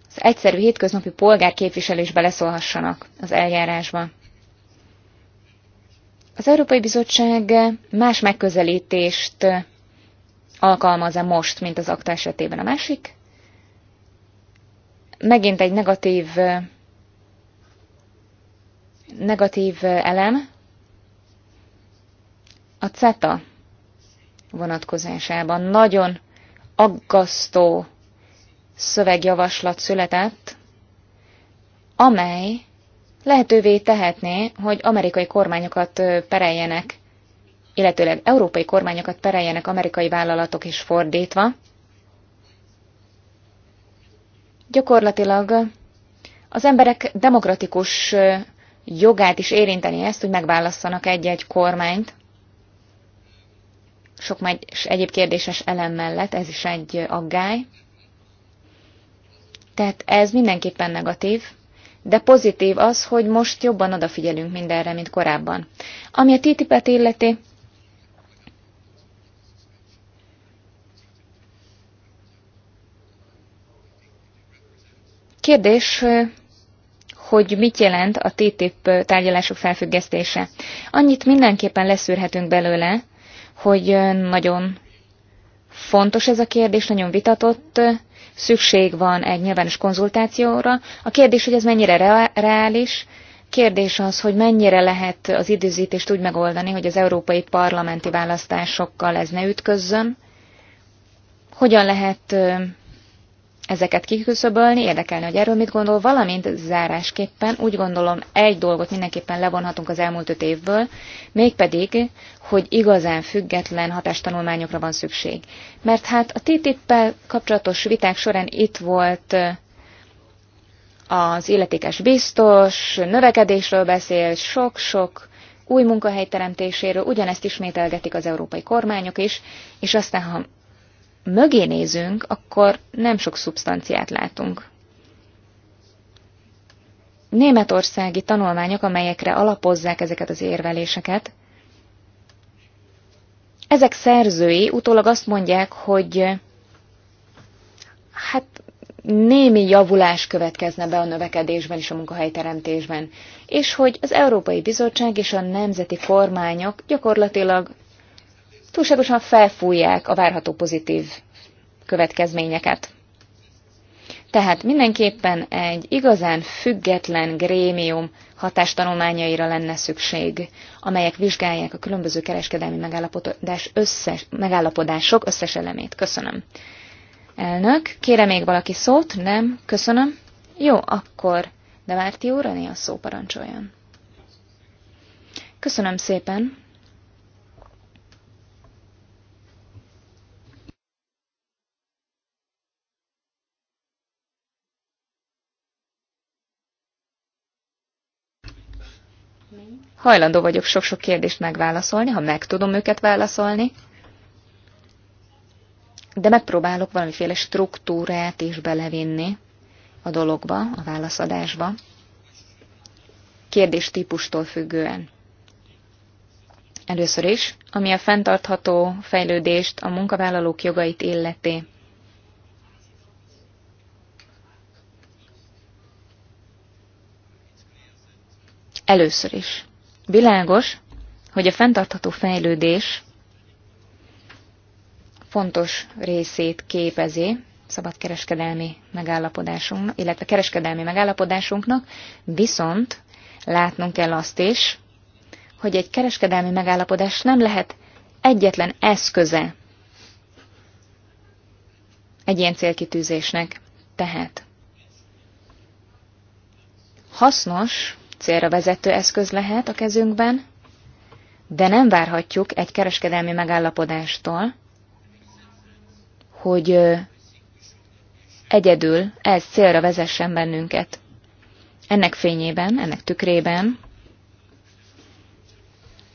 az egyszerű hétköznapi polgárképviselő is beleszólhassanak az eljárásba. Az Európai Bizottság más megközelítést alkalmaz-e most, mint az akta esetében a másik? Megint egy negatív, negatív elem. A CETA vonatkozásában nagyon aggasztó szövegjavaslat született, amely lehetővé tehetné, hogy amerikai kormányokat pereljenek, illetőleg európai kormányokat pereljenek amerikai vállalatok is fordítva. Gyakorlatilag az emberek demokratikus jogát is érinteni ezt, hogy megválasszanak egy-egy kormányt sok és egyéb kérdéses elem mellett ez is egy aggály. Tehát ez mindenképpen negatív, de pozitív az, hogy most jobban odafigyelünk mindenre, mint korábban. Ami a TTIP-et illeti, kérdés, hogy mit jelent a TTIP tárgyalások felfüggesztése. Annyit mindenképpen leszűrhetünk belőle, hogy nagyon fontos ez a kérdés, nagyon vitatott, szükség van egy nyilvános konzultációra. A kérdés, hogy ez mennyire reális, kérdés az, hogy mennyire lehet az időzítést úgy megoldani, hogy az európai parlamenti választásokkal ez ne ütközzön, hogyan lehet ezeket kiküszöbölni, érdekelni, hogy erről mit gondol, valamint zárásképpen úgy gondolom egy dolgot mindenképpen levonhatunk az elmúlt öt évből, mégpedig, hogy igazán független hatástanulmányokra van szükség. Mert hát a TTIP-pel kapcsolatos viták során itt volt az illetékes biztos, növekedésről beszél, sok-sok új munkahely teremtéséről, ugyanezt ismételgetik az európai kormányok is, és aztán, ha mögé nézünk, akkor nem sok szubstanciát látunk. Németországi tanulmányok, amelyekre alapozzák ezeket az érveléseket, ezek szerzői utólag azt mondják, hogy hát némi javulás következne be a növekedésben és a munkahelyteremtésben, és hogy az Európai Bizottság és a nemzeti kormányok gyakorlatilag túlságosan felfújják a várható pozitív következményeket. Tehát mindenképpen egy igazán független grémium hatástanulmányaira lenne szükség, amelyek vizsgálják a különböző kereskedelmi megállapodás összes, megállapodások összes elemét. Köszönöm. Elnök, kérem, még valaki szót? Nem? Köszönöm. Jó, akkor de Márti úr, a szó parancsoljon. Köszönöm szépen. hajlandó vagyok sok-sok kérdést megválaszolni, ha meg tudom őket válaszolni, de megpróbálok valamiféle struktúrát is belevinni a dologba, a válaszadásba, kérdés típustól függően. Először is, ami a fenntartható fejlődést, a munkavállalók jogait illeti. Először is Világos, hogy a fenntartható fejlődés fontos részét képezi szabadkereskedelmi megállapodásunknak, illetve kereskedelmi megállapodásunknak, viszont látnunk kell azt is, hogy egy kereskedelmi megállapodás nem lehet egyetlen eszköze egy ilyen célkitűzésnek. Tehát hasznos célra vezető eszköz lehet a kezünkben, de nem várhatjuk egy kereskedelmi megállapodástól, hogy egyedül ez célra vezessen bennünket. Ennek fényében, ennek tükrében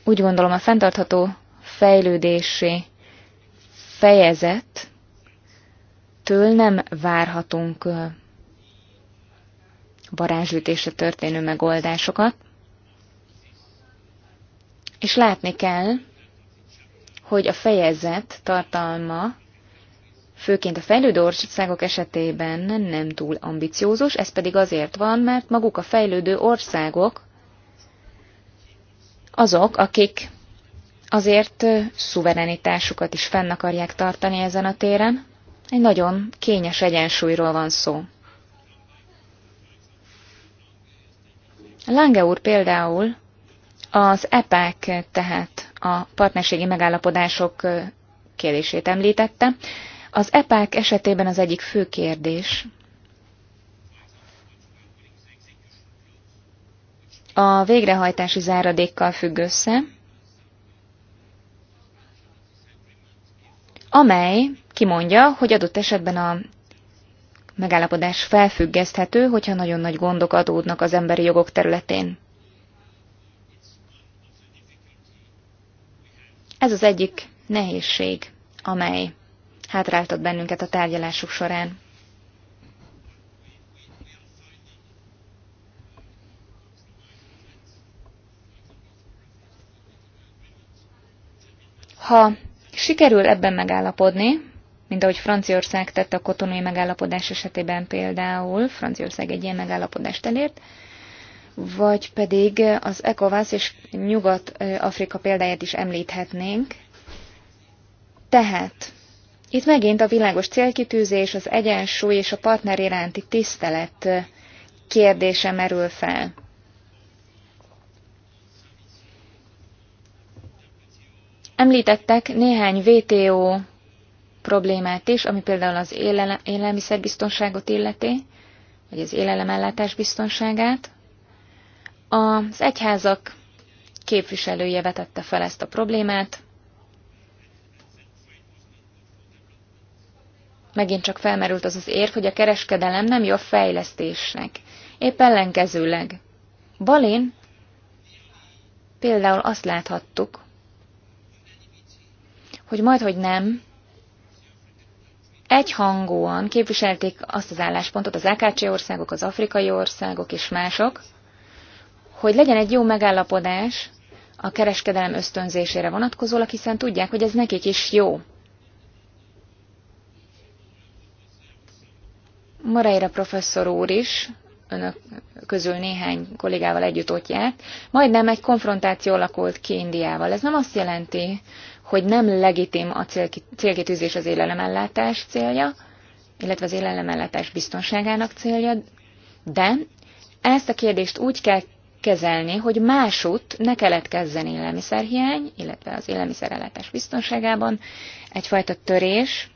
úgy gondolom a fenntartható fejlődési fejezettől nem várhatunk varázsütésre történő megoldásokat, és látni kell, hogy a fejezet tartalma főként a fejlődő országok esetében nem túl ambiciózus, ez pedig azért van, mert maguk a fejlődő országok azok, akik azért szuverenitásukat is fenn akarják tartani ezen a téren. Egy nagyon kényes egyensúlyról van szó. Lange úr például az EPEC, tehát a partnerségi megállapodások kérdését említette. Az EPEC esetében az egyik fő kérdés a végrehajtási záradékkal függ össze, amely kimondja, hogy adott esetben a megállapodás felfüggeszthető, hogyha nagyon nagy gondok adódnak az emberi jogok területén. Ez az egyik nehézség, amely hátráltat bennünket a tárgyalások során. Ha sikerül ebben megállapodni, mint ahogy Franciaország tette a kotonói megállapodás esetében például, Franciaország egy ilyen megállapodást elért, vagy pedig az ECOWAS és Nyugat-Afrika példáját is említhetnénk. Tehát itt megint a világos célkitűzés, az egyensúly és a partner iránti tisztelet kérdése merül fel. Említettek néhány VTO problémát is, ami például az élelmiszerbiztonságot illeti, vagy az élelemellátás biztonságát. Az egyházak képviselője vetette fel ezt a problémát. Megint csak felmerült az az érv, hogy a kereskedelem nem jó a fejlesztésnek. Épp ellenkezőleg. Balin például azt láthattuk, hogy majdhogy nem, egyhangúan képviselték azt az álláspontot az AKC országok, az afrikai országok és mások, hogy legyen egy jó megállapodás a kereskedelem ösztönzésére vonatkozólag, hiszen tudják, hogy ez nekik is jó. Moreira professzor úr is, önök közül néhány kollégával együtt ott járt, majdnem egy konfrontáció alakult ki Indiával. Ez nem azt jelenti, hogy nem legitim a célkitűzés az élelemellátás célja, illetve az élelemellátás biztonságának célja, de ezt a kérdést úgy kell kezelni, hogy másút ne keletkezzen élelmiszerhiány, illetve az élelmiszerellátás biztonságában egyfajta törés.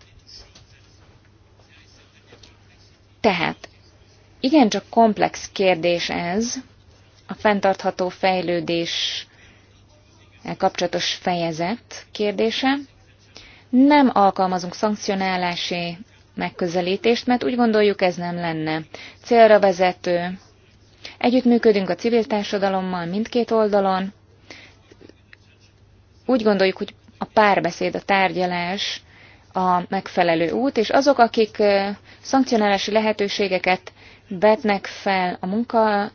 Tehát igencsak komplex kérdés ez, a fenntartható fejlődés kapcsolatos fejezet kérdése. Nem alkalmazunk szankcionálási megközelítést, mert úgy gondoljuk, ez nem lenne célra vezető. Együttműködünk a civil társadalommal mindkét oldalon. Úgy gondoljuk, hogy a párbeszéd, a tárgyalás a megfelelő út, és azok, akik szankcionálási lehetőségeket vetnek fel a munka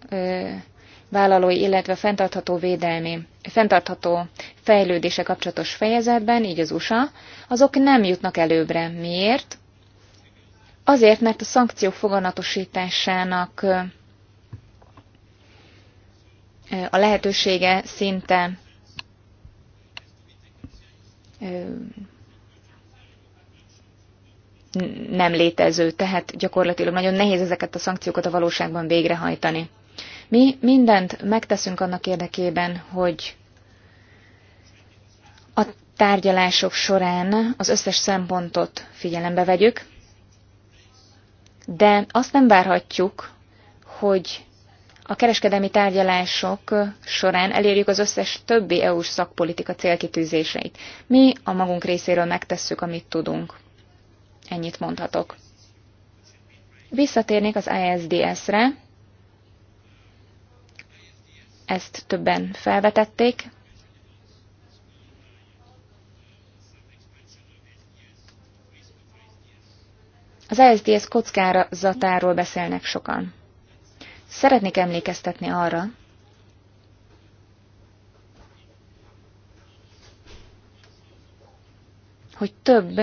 vállalói illetve fenntartható védelmi, fenntartható fejlődése kapcsolatos fejezetben, így az USA, azok nem jutnak előbbre. Miért? Azért, mert a szankciók foganatosításának a lehetősége szinte nem létező, tehát gyakorlatilag nagyon nehéz ezeket a szankciókat a valóságban végrehajtani. Mi mindent megteszünk annak érdekében, hogy a tárgyalások során az összes szempontot figyelembe vegyük, de azt nem várhatjuk, hogy a kereskedelmi tárgyalások során elérjük az összes többi EU-s szakpolitika célkitűzéseit. Mi a magunk részéről megtesszük, amit tudunk. Ennyit mondhatok. Visszatérnék az ISDS-re, ezt többen felvetették. Az kockára zatáról beszélnek sokan. Szeretnék emlékeztetni arra, hogy több,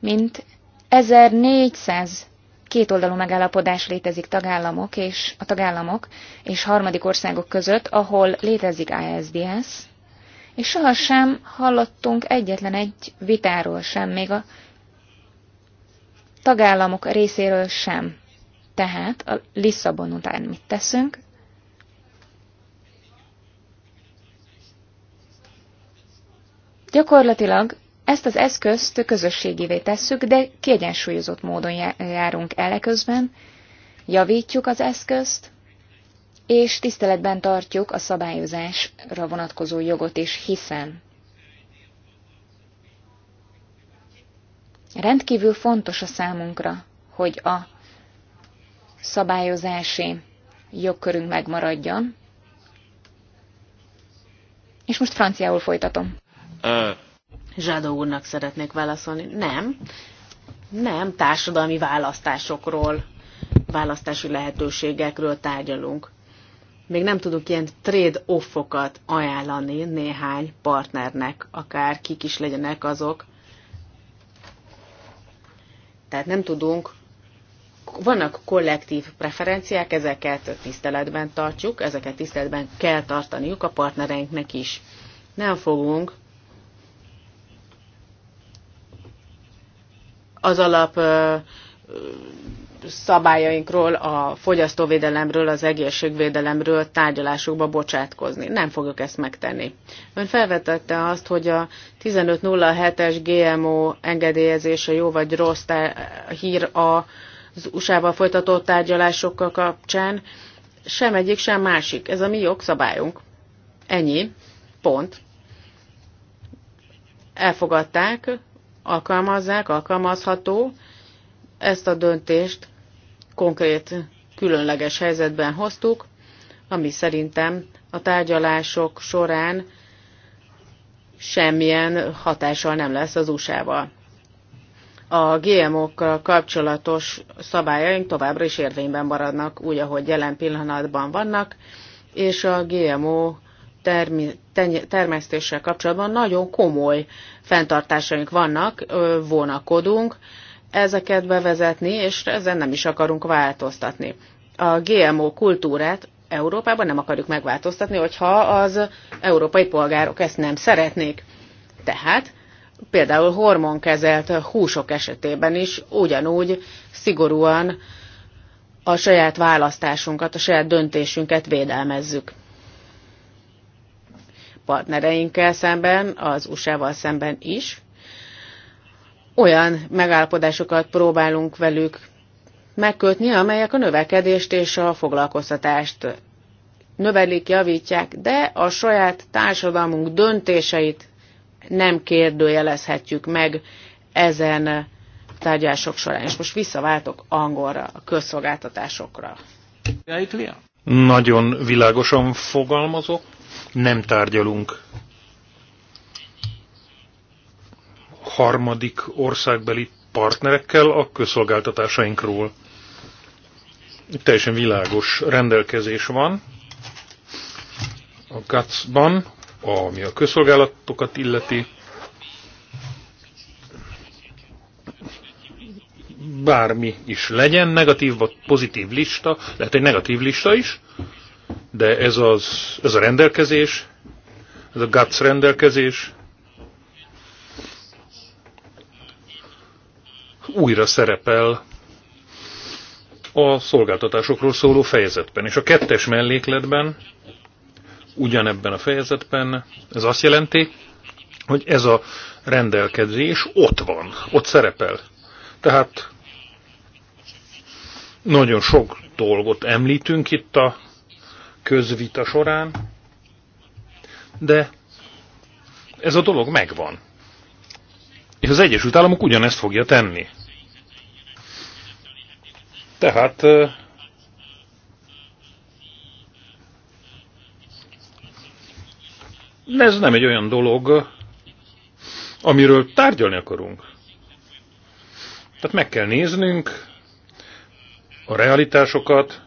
mint 1400 kétoldalú megállapodás létezik tagállamok és a tagállamok és harmadik országok között, ahol létezik ASDS, és sohasem hallottunk egyetlen egy vitáról sem, még a tagállamok részéről sem. Tehát a Lisszabon után mit teszünk? Gyakorlatilag ezt az eszközt közösségévé tesszük, de kiegyensúlyozott módon járunk eleközben, javítjuk az eszközt, és tiszteletben tartjuk a szabályozásra vonatkozó jogot is, hiszen rendkívül fontos a számunkra, hogy a szabályozási jogkörünk megmaradjon. És most franciául folytatom. Uh. Zsádó úrnak szeretnék válaszolni. Nem, nem társadalmi választásokról, választási lehetőségekről tárgyalunk. Még nem tudunk ilyen trade-offokat ajánlani néhány partnernek, akár kik is legyenek azok. Tehát nem tudunk vannak kollektív preferenciák, ezeket tiszteletben tartjuk, ezeket tiszteletben kell tartaniuk a partnereinknek is. Nem fogunk az alap szabályainkról, a fogyasztóvédelemről, az egészségvédelemről tárgyalásokba bocsátkozni. Nem fogok ezt megtenni. Ön felvetette azt, hogy a 1507-es GMO engedélyezése jó vagy rossz hír az USA-val folytatott tárgyalásokkal kapcsán. Sem egyik, sem másik. Ez a mi jogszabályunk. Ennyi. Pont. Elfogadták, alkalmazzák, alkalmazható. Ezt a döntést konkrét, különleges helyzetben hoztuk, ami szerintem a tárgyalások során semmilyen hatással nem lesz az USA-val. A GMO-kkal kapcsolatos szabályaink továbbra is érvényben maradnak, úgy, ahogy jelen pillanatban vannak, és a GMO termi, teny, termesztéssel kapcsolatban nagyon komoly fenntartásaink vannak, vonakodunk ezeket bevezetni, és ezen nem is akarunk változtatni. A GMO kultúrát Európában nem akarjuk megváltoztatni, hogyha az európai polgárok ezt nem szeretnék. Tehát például hormonkezelt húsok esetében is ugyanúgy szigorúan a saját választásunkat, a saját döntésünket védelmezzük partnereinkkel szemben, az USA-val szemben is. Olyan megállapodásokat próbálunk velük megkötni, amelyek a növekedést és a foglalkoztatást növelik, javítják, de a saját társadalmunk döntéseit nem kérdőjelezhetjük meg ezen tárgyások során. És most visszaváltok angolra, a közszolgáltatásokra. Nagyon világosan fogalmazok nem tárgyalunk harmadik országbeli partnerekkel a közszolgáltatásainkról. Itt teljesen világos rendelkezés van a GATS-ban, ami a közszolgálatokat illeti. Bármi is legyen, negatív vagy pozitív lista, lehet egy negatív lista is, de ez, az, ez a rendelkezés, ez a GATS rendelkezés újra szerepel a szolgáltatásokról szóló fejezetben. És a kettes mellékletben, ugyanebben a fejezetben, ez azt jelenti, hogy ez a rendelkezés ott van, ott szerepel. Tehát nagyon sok dolgot említünk itt a közvita során, de ez a dolog megvan. És az Egyesült Államok ugyanezt fogja tenni. Tehát ez nem egy olyan dolog, amiről tárgyalni akarunk. Tehát meg kell néznünk a realitásokat,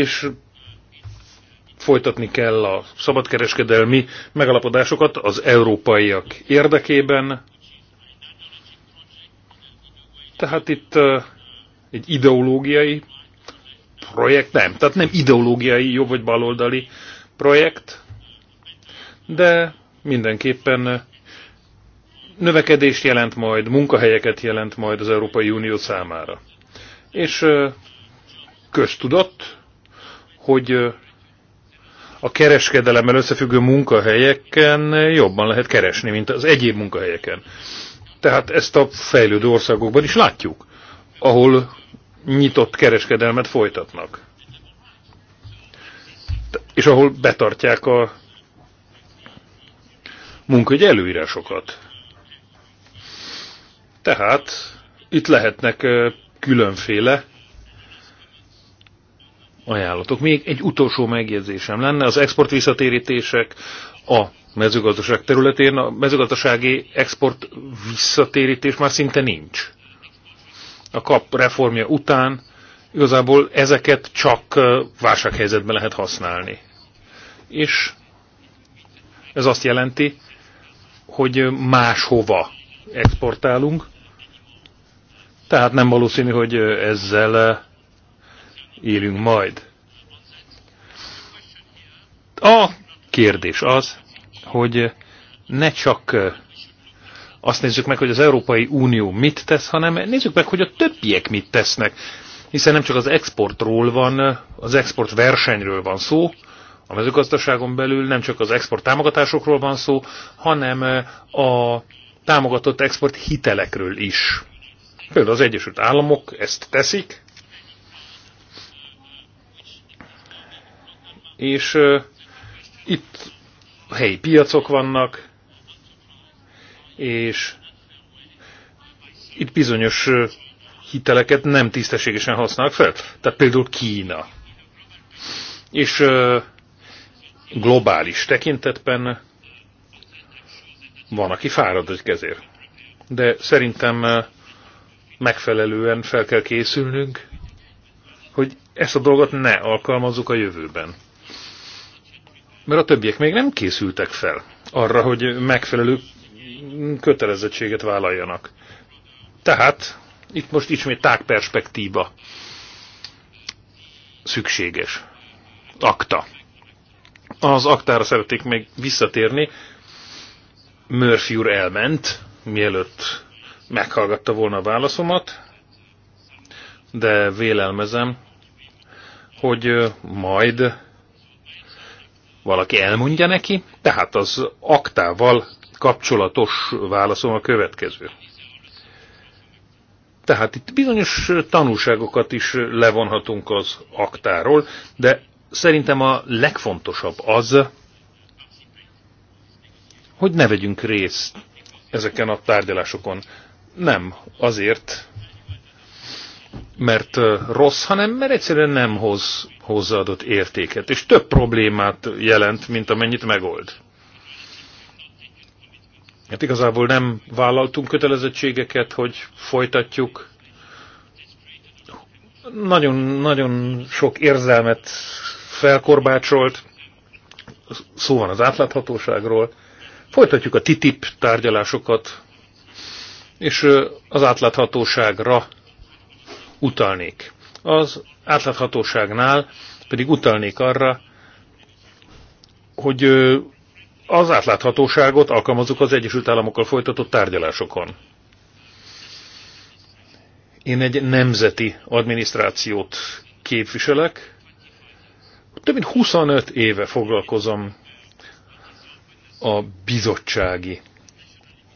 és folytatni kell a szabadkereskedelmi megalapodásokat az európaiak érdekében. Tehát itt egy ideológiai projekt, nem, tehát nem ideológiai jobb vagy baloldali projekt, de mindenképpen növekedést jelent majd, munkahelyeket jelent majd az Európai Unió számára. És köztudott, hogy a kereskedelemmel összefüggő munkahelyeken jobban lehet keresni, mint az egyéb munkahelyeken. Tehát ezt a fejlődő országokban is látjuk, ahol nyitott kereskedelmet folytatnak. És ahol betartják a munkahogy előírásokat. Tehát itt lehetnek különféle ajánlatok. Még egy utolsó megjegyzésem lenne, az export visszatérítések a mezőgazdaság területén, a mezőgazdasági export visszatérítés már szinte nincs. A kap reformja után igazából ezeket csak válsághelyzetben lehet használni. És ez azt jelenti, hogy máshova exportálunk, tehát nem valószínű, hogy ezzel élünk majd. A kérdés az, hogy ne csak azt nézzük meg, hogy az Európai Unió mit tesz, hanem nézzük meg, hogy a többiek mit tesznek. Hiszen nem csak az exportról van, az export versenyről van szó, a mezőgazdaságon belül nem csak az export támogatásokról van szó, hanem a támogatott export hitelekről is. Például az Egyesült Államok ezt teszik, És itt helyi piacok vannak, és itt bizonyos hiteleket nem tisztességesen használnak fel. Tehát például Kína. És globális tekintetben van, aki fárad egy kezér. De szerintem megfelelően fel kell készülnünk, hogy ezt a dolgot ne alkalmazzuk a jövőben mert a többiek még nem készültek fel arra, hogy megfelelő kötelezettséget vállaljanak. Tehát itt most ismét tágperspektíva szükséges. Akta. Az aktára szeretnék még visszatérni. Murphy úr elment, mielőtt meghallgatta volna a válaszomat, de vélelmezem, hogy majd valaki elmondja neki, tehát az aktával kapcsolatos válaszom a következő. Tehát itt bizonyos tanúságokat is levonhatunk az aktáról, de szerintem a legfontosabb az, hogy ne vegyünk részt ezeken a tárgyalásokon. Nem azért, mert rossz, hanem mert egyszerűen nem hoz hozzáadott értéket, és több problémát jelent, mint amennyit megold. Hát igazából nem vállaltunk kötelezettségeket, hogy folytatjuk. Nagyon, nagyon sok érzelmet felkorbácsolt. Szó van az átláthatóságról. Folytatjuk a TTIP tárgyalásokat, és az átláthatóságra utalnék. Az átláthatóságnál pedig utalnék arra, hogy az átláthatóságot alkalmazunk az Egyesült Államokkal folytatott tárgyalásokon. Én egy nemzeti adminisztrációt képviselek. Több mint 25 éve foglalkozom a bizottsági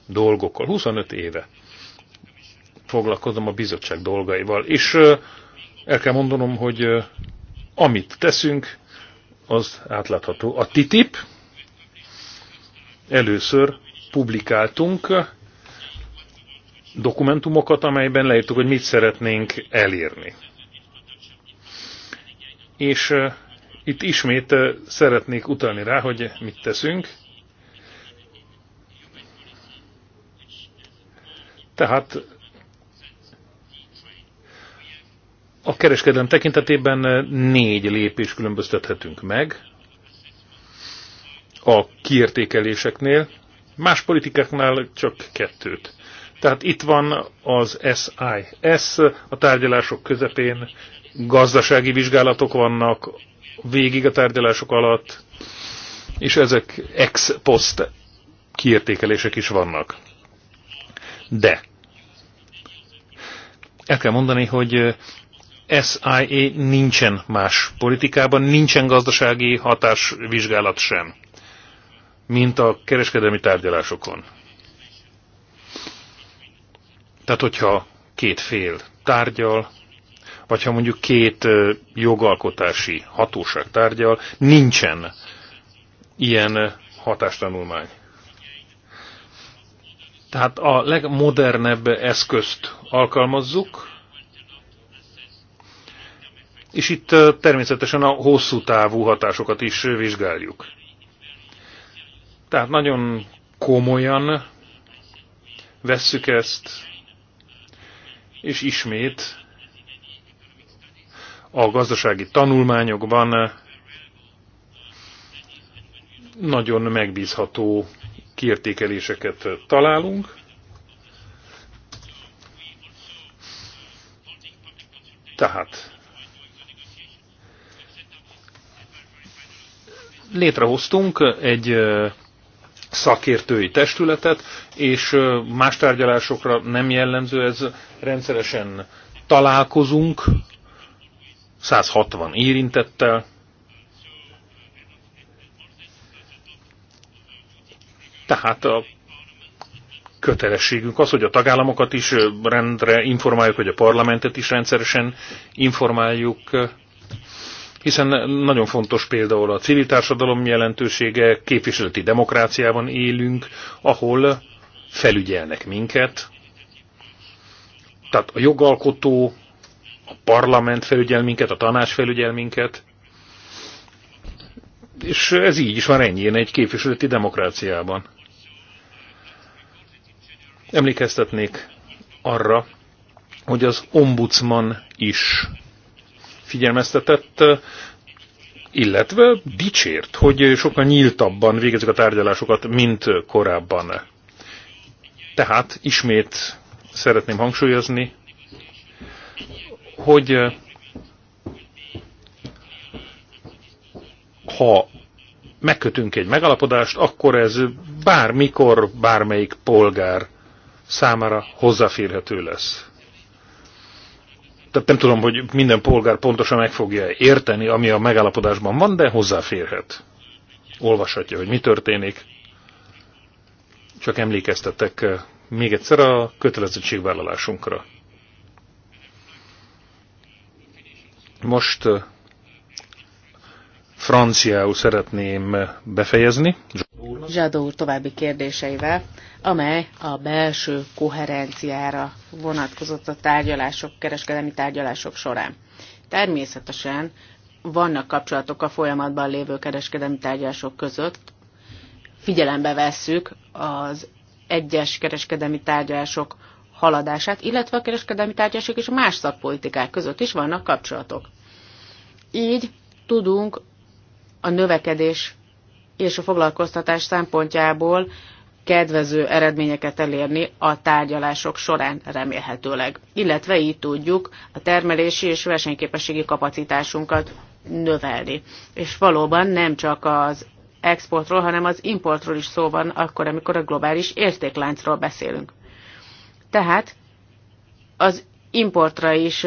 dolgokkal. 25 éve foglalkozom a bizottság dolgaival. És el kell mondanom, hogy amit teszünk, az átlátható. A TTIP először publikáltunk dokumentumokat, amelyben leírtuk, hogy mit szeretnénk elérni. És itt ismét szeretnék utalni rá, hogy mit teszünk. Tehát A kereskedelem tekintetében eh, négy lépés különböztethetünk meg a kiértékeléseknél, más politikáknál csak kettőt. Tehát itt van az SIS, a tárgyalások közepén gazdasági vizsgálatok vannak végig a tárgyalások alatt, és ezek ex post kiértékelések is vannak. De el kell mondani, hogy eh, SIA nincsen más politikában, nincsen gazdasági hatásvizsgálat sem, mint a kereskedelmi tárgyalásokon. Tehát, hogyha két fél tárgyal, vagy ha mondjuk két jogalkotási hatóság tárgyal, nincsen ilyen hatástanulmány. Tehát a legmodernebb eszközt alkalmazzuk, és itt természetesen a hosszú távú hatásokat is vizsgáljuk. Tehát nagyon komolyan vesszük ezt, és ismét a gazdasági tanulmányokban nagyon megbízható kiértékeléseket találunk. Tehát létrehoztunk egy szakértői testületet, és más tárgyalásokra nem jellemző, ez rendszeresen találkozunk, 160 érintettel, tehát a kötelességünk az, hogy a tagállamokat is rendre informáljuk, hogy a parlamentet is rendszeresen informáljuk, hiszen nagyon fontos például a civil társadalom jelentősége, képviseleti demokráciában élünk, ahol felügyelnek minket. Tehát a jogalkotó, a parlament felügyel minket, a tanács felügyel minket, és ez így is van ennyien egy képviseleti demokráciában. Emlékeztetnék arra, hogy az ombudsman is figyelmeztetett, illetve dicsért, hogy sokkal nyíltabban végezik a tárgyalásokat, mint korábban. Tehát ismét szeretném hangsúlyozni, hogy ha megkötünk egy megalapodást, akkor ez bármikor, bármelyik polgár számára hozzáférhető lesz tehát nem tudom, hogy minden polgár pontosan meg fogja érteni, ami a megállapodásban van, de hozzáférhet. Olvashatja, hogy mi történik. Csak emlékeztetek eh, még egyszer a kötelezettségvállalásunkra. Most eh, franciául szeretném befejezni. Zsadó úr további kérdéseivel, amely a belső koherenciára vonatkozott a tárgyalások, kereskedelmi tárgyalások során. Természetesen vannak kapcsolatok a folyamatban lévő kereskedelmi tárgyalások között. Figyelembe vesszük az egyes kereskedelmi tárgyalások haladását, illetve a kereskedelmi tárgyalások és más szakpolitikák között is vannak kapcsolatok. Így tudunk a növekedés és a foglalkoztatás szempontjából kedvező eredményeket elérni a tárgyalások során remélhetőleg. Illetve így tudjuk a termelési és versenyképességi kapacitásunkat növelni. És valóban nem csak az exportról, hanem az importról is szó van akkor, amikor a globális értékláncról beszélünk. Tehát az importra is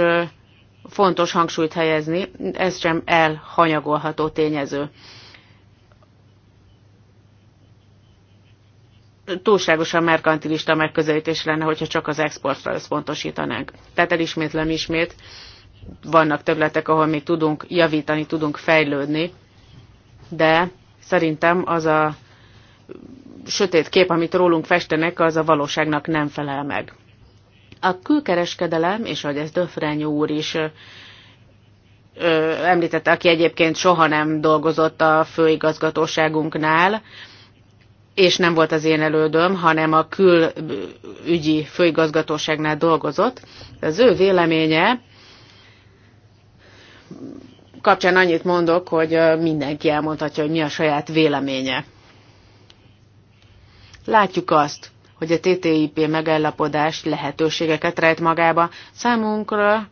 fontos hangsúlyt helyezni, ez sem elhanyagolható tényező. túlságosan merkantilista megközelítés lenne, hogyha csak az exportra összpontosítanánk. Tehát elismétlem ismét, vannak területek, ahol még tudunk javítani, tudunk fejlődni, de szerintem az a sötét kép, amit rólunk festenek, az a valóságnak nem felel meg. A külkereskedelem, és ahogy ez Döfrenyó úr is ö, említette, aki egyébként soha nem dolgozott a főigazgatóságunknál, és nem volt az én elődöm, hanem a külügyi főigazgatóságnál dolgozott. Az ő véleménye kapcsán annyit mondok, hogy mindenki elmondhatja, hogy mi a saját véleménye. Látjuk azt, hogy a TTIP megállapodás lehetőségeket rejt magába. Számunkra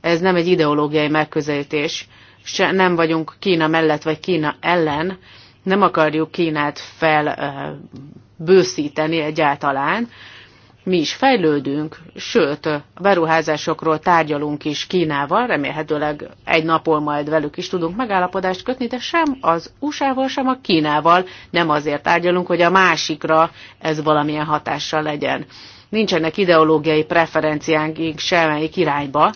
ez nem egy ideológiai megközelítés. Se, nem vagyunk Kína mellett vagy Kína ellen, nem akarjuk Kínát felbőszíteni egyáltalán, mi is fejlődünk, sőt, a beruházásokról tárgyalunk is Kínával, remélhetőleg egy napon majd velük is tudunk megállapodást kötni, de sem az USA-val, sem a Kínával nem azért tárgyalunk, hogy a másikra ez valamilyen hatással legyen. Nincsenek ideológiai preferenciánk semmelyik irányba,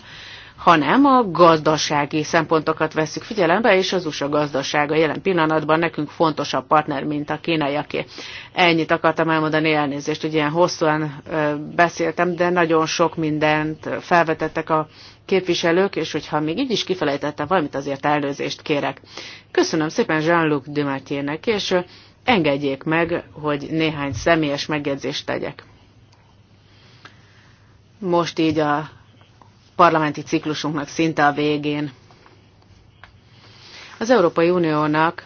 hanem a gazdasági szempontokat veszük figyelembe, és az USA gazdasága jelen pillanatban nekünk fontosabb partner, mint a kínaiaké. Ennyit akartam elmondani, elnézést, hogy ilyen hosszúan beszéltem, de nagyon sok mindent felvetettek a képviselők, és hogyha még így is kifelejtettem valamit, azért elnőzést kérek. Köszönöm szépen Jean-Luc Dumatiernek, és engedjék meg, hogy néhány személyes megjegyzést tegyek. Most így a parlamenti ciklusunknak szinte a végén. Az Európai Uniónak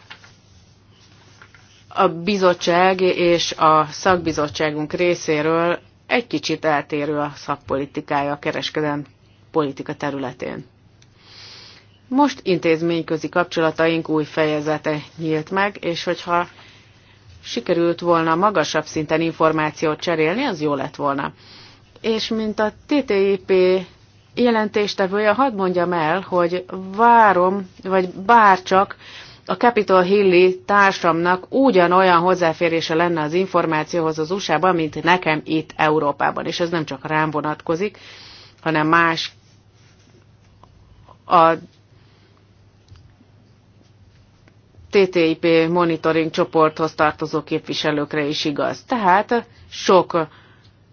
a bizottság és a szakbizottságunk részéről egy kicsit eltérő a szakpolitikája a kereskedelmi politika területén. Most intézményközi kapcsolataink új fejezete nyílt meg, és hogyha sikerült volna magasabb szinten információt cserélni, az jó lett volna. És mint a TTIP jelentéstevője, hadd mondjam el, hogy várom, vagy bárcsak a Capitol Hilli társamnak ugyanolyan hozzáférése lenne az információhoz az USA-ban, mint nekem itt Európában. És ez nem csak rám vonatkozik, hanem más a TTIP monitoring csoporthoz tartozó képviselőkre is igaz. Tehát sok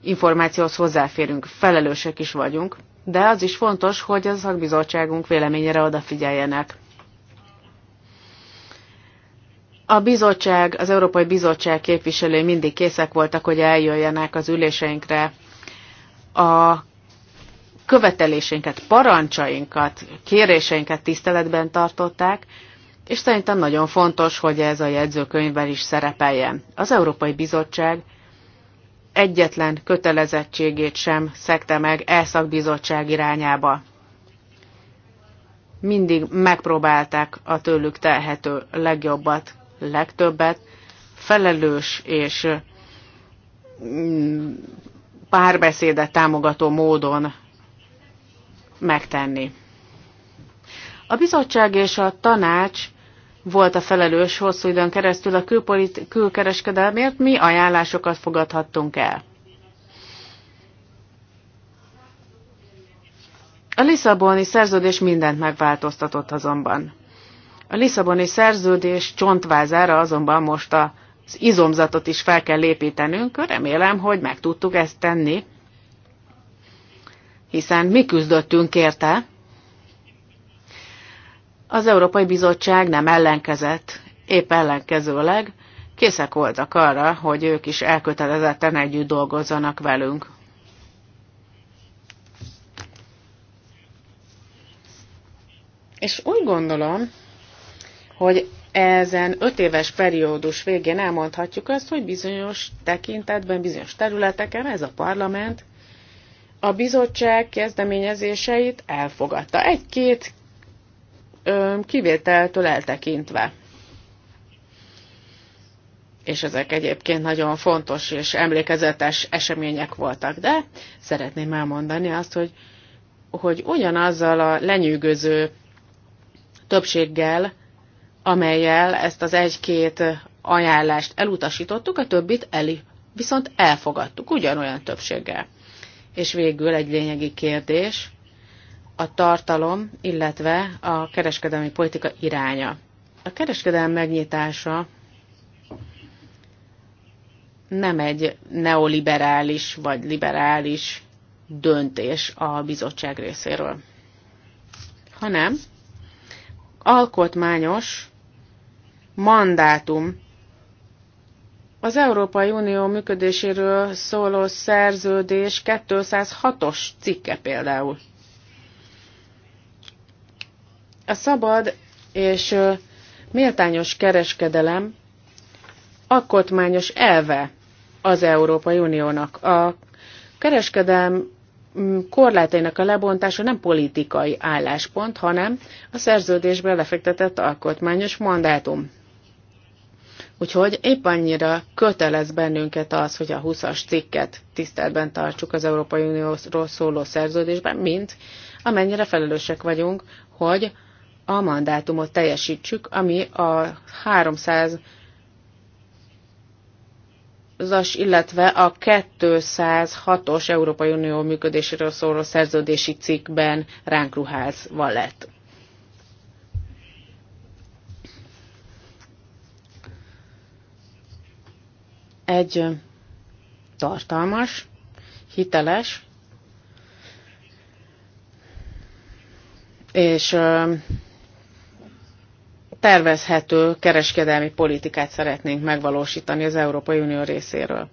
információhoz hozzáférünk, felelősek is vagyunk de az is fontos, hogy a szakbizottságunk véleményére odafigyeljenek. A bizottság, az Európai Bizottság képviselői mindig készek voltak, hogy eljöjjenek az üléseinkre. A követeléseinket, parancsainkat, kéréseinket tiszteletben tartották, és szerintem nagyon fontos, hogy ez a jegyzőkönyvben is szerepeljen. Az Európai Bizottság egyetlen kötelezettségét sem szekte meg elszakbizottság irányába. Mindig megpróbálták a tőlük telhető legjobbat, legtöbbet, felelős és mm, párbeszédet támogató módon megtenni. A bizottság és a tanács volt a felelős hosszú időn keresztül a külpolit, külkereskedelmért, mi ajánlásokat fogadhattunk el. A Lisszaboni szerződés mindent megváltoztatott azonban. A Lisszaboni szerződés csontvázára azonban most az izomzatot is fel kell építenünk, remélem, hogy meg tudtuk ezt tenni, hiszen mi küzdöttünk érte, az Európai Bizottság nem ellenkezett, épp ellenkezőleg készek voltak arra, hogy ők is elkötelezetten együtt dolgozzanak velünk. És úgy gondolom, hogy ezen öt éves periódus végén elmondhatjuk azt, hogy bizonyos tekintetben, bizonyos területeken ez a parlament a bizottság kezdeményezéseit elfogadta. Egy-két kivételtől eltekintve. És ezek egyébként nagyon fontos és emlékezetes események voltak, de szeretném elmondani azt, hogy, hogy ugyanazzal a lenyűgöző többséggel, amelyel ezt az egy-két ajánlást elutasítottuk, a többit eli, viszont elfogadtuk ugyanolyan többséggel. És végül egy lényegi kérdés, a tartalom, illetve a kereskedelmi politika iránya. A kereskedelem megnyitása nem egy neoliberális vagy liberális döntés a bizottság részéről, hanem alkotmányos mandátum az Európai Unió működéséről szóló szerződés 206-os cikke például. A szabad és méltányos kereskedelem alkotmányos elve az Európai Uniónak. A kereskedelem mm, korlátainak a lebontása nem politikai álláspont, hanem a szerződésben lefektetett alkotmányos mandátum. Úgyhogy épp annyira kötelez bennünket az, hogy a 20-as cikket tiszteletben tartsuk az Európai Unióról szóló szerződésben, mint amennyire felelősek vagyunk, hogy a mandátumot teljesítsük, ami a 300 as illetve a 206-os Európai Unió működéséről szóló szerződési cikkben ránk ruházva lett. Egy tartalmas, hiteles és tervezhető kereskedelmi politikát szeretnénk megvalósítani az Európai Unió részéről.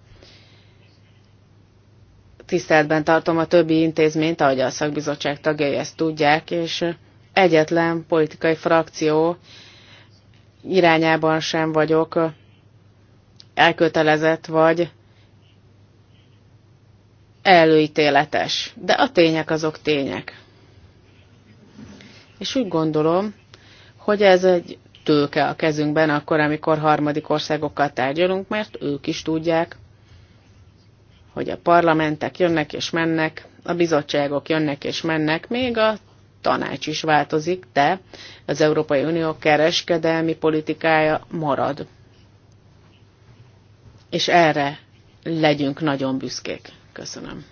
Tiszteletben tartom a többi intézményt, ahogy a szakbizottság tagjai ezt tudják, és egyetlen politikai frakció irányában sem vagyok elkötelezett vagy előítéletes. De a tények azok tények. És úgy gondolom, hogy ez egy tőke a kezünkben akkor, amikor harmadik országokkal tárgyalunk, mert ők is tudják, hogy a parlamentek jönnek és mennek, a bizottságok jönnek és mennek, még a tanács is változik, de az Európai Unió kereskedelmi politikája marad. És erre legyünk nagyon büszkék. Köszönöm.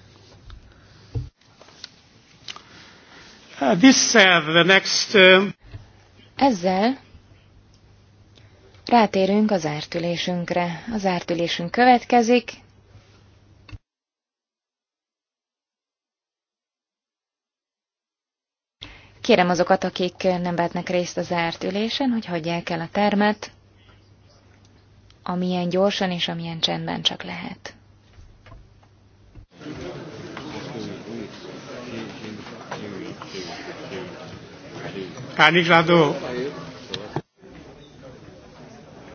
Uh, this, uh, the next, uh... Ezzel rátérünk az ártülésünkre. Az ártülésünk következik. Kérem azokat, akik nem vetnek részt az ártülésen, hogy hagyják el a termet, amilyen gyorsan és amilyen csendben csak lehet. Kann ich